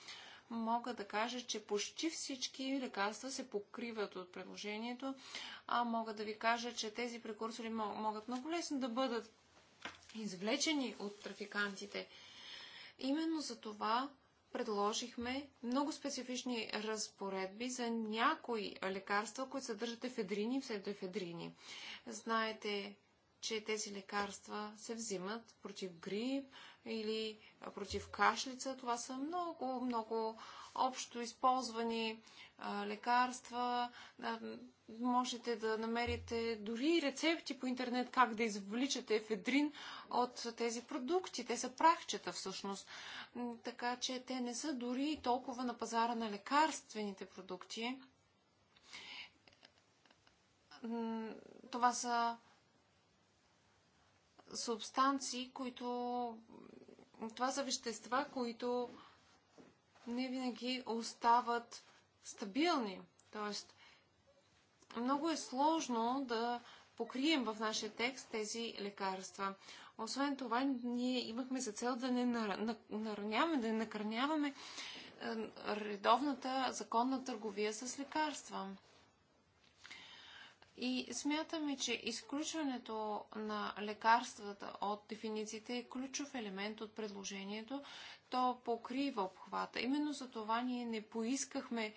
Мога да кажа, че почти всички лекарства се покриват от предложението, а мога да ви кажа, че тези прекурсори могат много лесно да бъдат извлечени от трафикантите. Именно за това предложихме много специфични разпоредби за някои лекарства, които съдържат ефедрини и псевдоефедрини. Знаете, че тези лекарства се взимат против грип или против кашлица. Това са много, много общо използвани лекарства можете да намерите дори рецепти по интернет как да извличате ефедрин от тези продукти. Те са прахчета всъщност. Така че те не са дори толкова на пазара на лекарствените продукти. Това са субстанции, които. Това са вещества, които не винаги остават стабилни. Тоест, много е сложно да покрием в нашия текст тези лекарства. Освен това, ние имахме за цел да не нараняваме, да не накърняваме е, редовната законна търговия с лекарства. И смятаме, че изключването на лекарствата от дефинициите е ключов елемент от предложението. То покрива обхвата. Именно за това ние не поискахме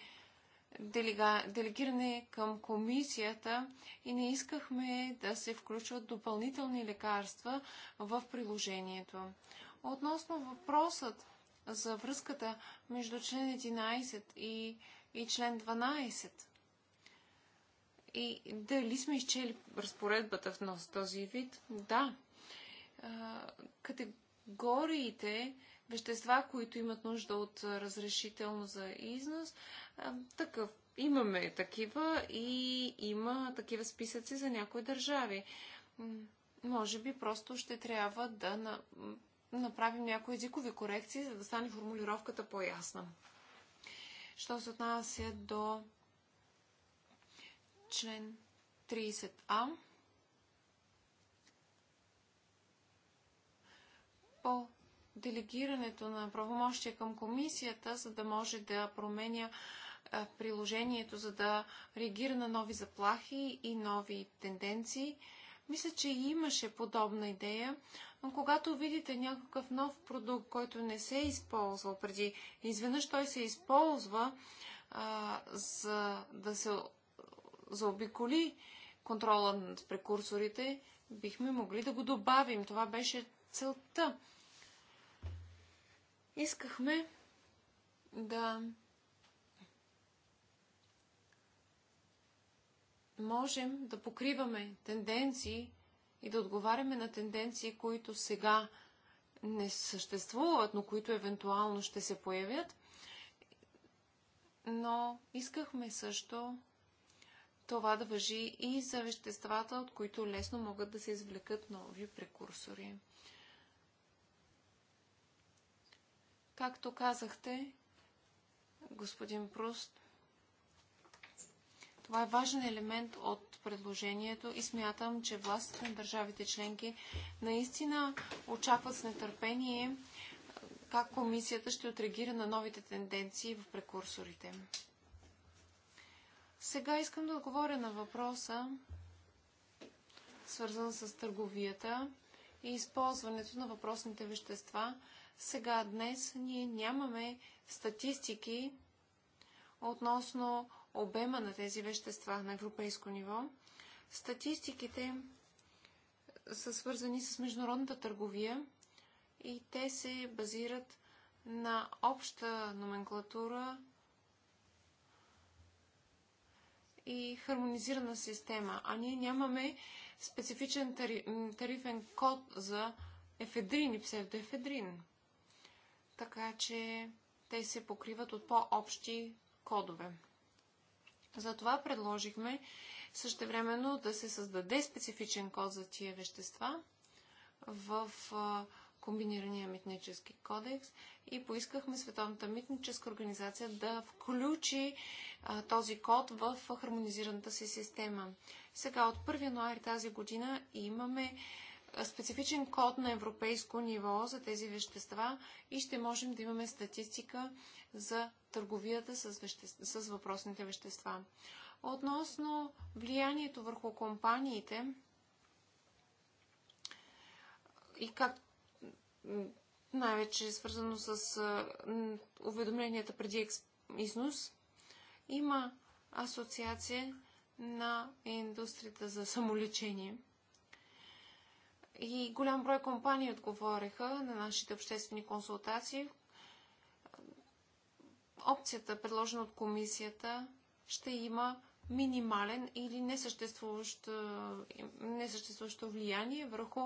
делега... делегиране към комисията и не искахме да се включват допълнителни лекарства в приложението. Относно въпросът за връзката между член 11 и, и член 12 и дали сме изчели разпоредбата в нос този вид, да. Категориите вещества, които имат нужда от разрешително за износ. Такъв. Имаме такива и има такива списъци за някои държави. Може би просто ще трябва да направим някои езикови корекции, за да стане формулировката по-ясна. Що се отнася до член 30а, по делегирането на правомощия към комисията, за да може да променя е, приложението, за да реагира на нови заплахи и нови тенденции. Мисля, че имаше подобна идея, но когато видите някакъв нов продукт, който не се е използвал преди, изведнъж той се използва а, е, за да се заобиколи контрола над прекурсорите, бихме могли да го добавим. Това беше целта Искахме да можем да покриваме тенденции и да отговаряме на тенденции, които сега не съществуват, но които евентуално ще се появят. Но искахме също това да въжи и за веществата, от които лесно могат да се извлекат нови прекурсори. Както казахте, господин Пруст, това е важен елемент от предложението и смятам, че властите на държавите членки наистина очакват с нетърпение как комисията ще отреагира на новите тенденции в прекурсорите. Сега искам да отговоря на въпроса, свързан с търговията и използването на въпросните вещества сега, днес ние нямаме статистики относно обема на тези вещества на европейско ниво. Статистиките са свързани с международната търговия и те се базират на обща номенклатура и хармонизирана система. А ние нямаме специфичен тарифен код за ефедрин и псевдоефедрин така че те се покриват от по-общи кодове. Затова предложихме същевременно да се създаде специфичен код за тия вещества в комбинирания митнически кодекс и поискахме Световната митническа организация да включи а, този код в хармонизираната си система. Сега от 1 януари тази година имаме специфичен код на европейско ниво за тези вещества и ще можем да имаме статистика за търговията с, веще... с въпросните вещества. Относно влиянието върху компаниите и как най-вече е свързано с уведомленията преди износ, има асоциация на индустрията за самолечение – и голям брой компании отговориха на нашите обществени консултации. Опцията, предложена от комисията, ще има минимален или несъществуващо, несъществуващо влияние върху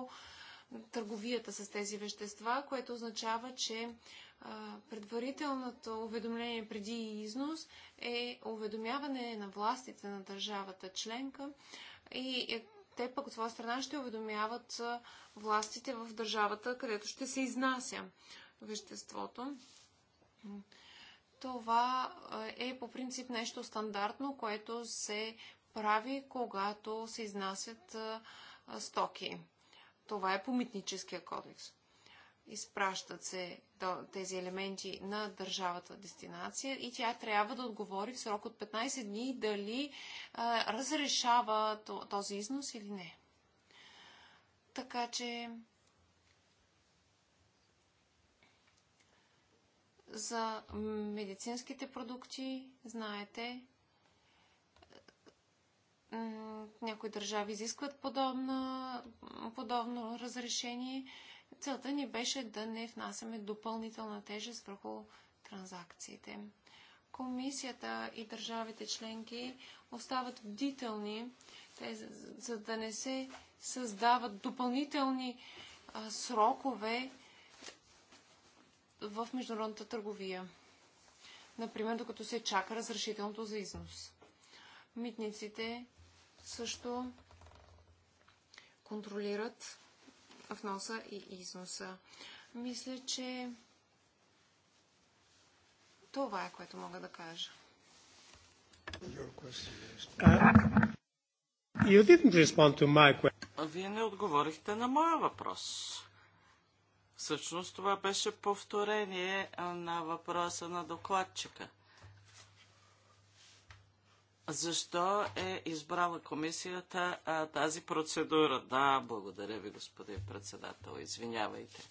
търговията с тези вещества, което означава, че предварителното уведомление преди износ е уведомяване на властите на държавата членка и е те пък от своя страна ще уведомяват властите в държавата, където ще се изнася веществото. Това е по принцип нещо стандартно, което се прави, когато се изнасят стоки. Това е по митническия кодекс. Изпращат се тези елементи на държавата дестинация и тя трябва да отговори в срок от 15 дни дали а, разрешава този износ или не. Така че за медицинските продукти, знаете, някои държави изискват подобно, подобно разрешение целта ни беше да не внасяме допълнителна тежест върху транзакциите. Комисията и държавите членки остават бдителни, за да не се създават допълнителни срокове в международната търговия. Например, докато се чака разрешителното за износ. Митниците също контролират вноса и износа. Мисля, че това е, което мога да кажа. Uh, вие не отговорихте на моя въпрос. Всъщност това беше повторение на въпроса на докладчика – защо е избрала комисията а, тази процедура. Да, благодаря ви, господин председател. Извинявайте.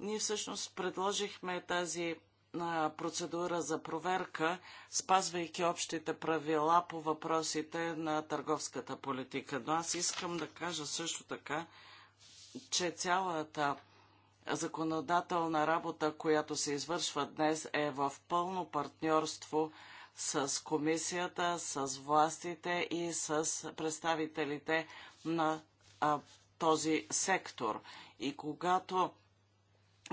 Ние всъщност предложихме тази а, процедура за проверка, спазвайки общите правила по въпросите на търговската политика. Но аз искам да кажа също така, че цялата законодателна работа, която се извършва днес, е в пълно партньорство с комисията, с властите и с представителите на а, този сектор. И когато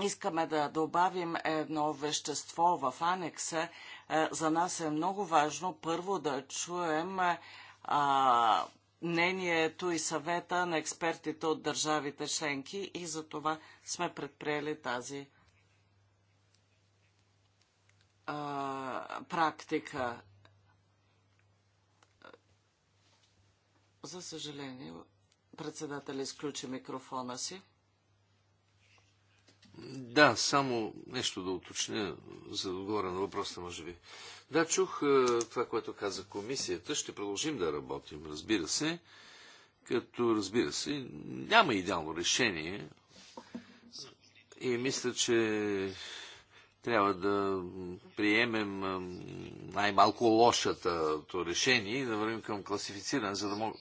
искаме да добавим едно вещество в анекса, е, за нас е много важно първо да чуем е, а, мнението и съвета на експертите от държавите членки и за това сме предприели тази практика. За съжаление, председателя изключи микрофона си. Да, само нещо да уточня, за да на въпроса, може би. Да, чух това, което каза комисията. Ще продължим да работим, разбира се. Като, разбира се, няма идеално решение. И мисля, че трябва да приемем най-малко лошата решение и да вървим към класифициране, за да мог...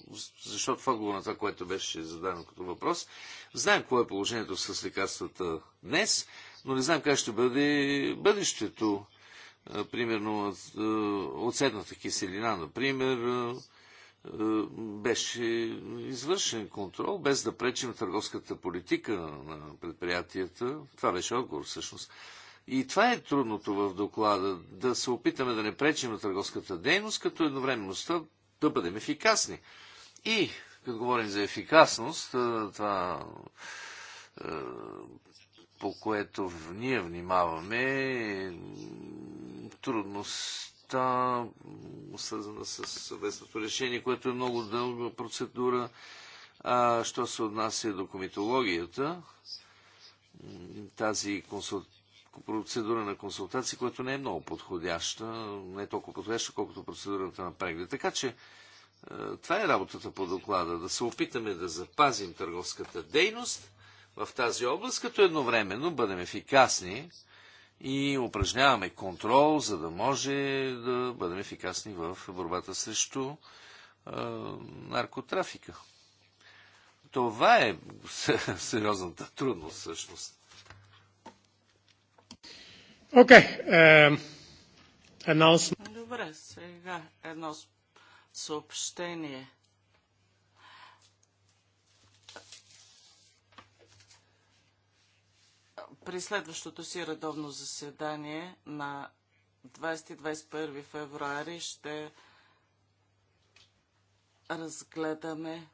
защото в отговор на това, което беше зададено като въпрос, знаем какво е положението с лекарствата днес, но не знам как ще бъде бъдещето. Примерно оцетната киселина, например, беше извършен контрол, без да пречим търговската политика на предприятията. Това беше отговор всъщност. И това е трудното в доклада, да се опитаме да не пречим на търговската дейност, като едновременността да бъдем ефикасни. И, като говорим за ефикасност, това по което ние внимаваме, трудността, свързана с съвестното решение, което е много дълга процедура, а, що се отнася до комитологията, тази консулт процедура на консултации, която не е много подходяща, не е толкова подходяща, колкото процедурата на преглед. Така че е, това е работата по доклада, да се опитаме да запазим търговската дейност в тази област, като едновременно бъдем ефикасни и упражняваме контрол, за да може да бъдем ефикасни в борбата срещу а, е, наркотрафика. Това е сериозната трудност, всъщност. Okay. Едно... Добре, сега едно съобщение. При следващото си редовно заседание на 20-21 февруари ще разгледаме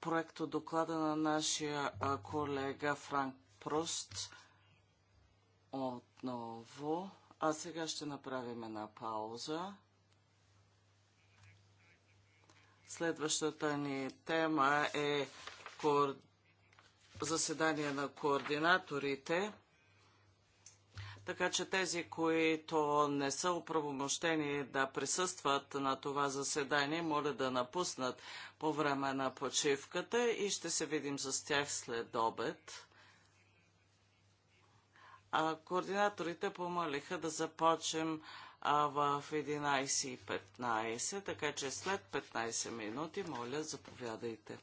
проекто доклада на нашия колега Франк Прост – отново. А сега ще направим една пауза. Следващата ни тема е кор... заседание на координаторите. Така че тези, които не са оправомощени да присъстват на това заседание, моля да напуснат по време на почивката и ще се видим с тях след обед а, координаторите помолиха да започнем а, в 11.15, така че след 15 минути, моля, заповядайте.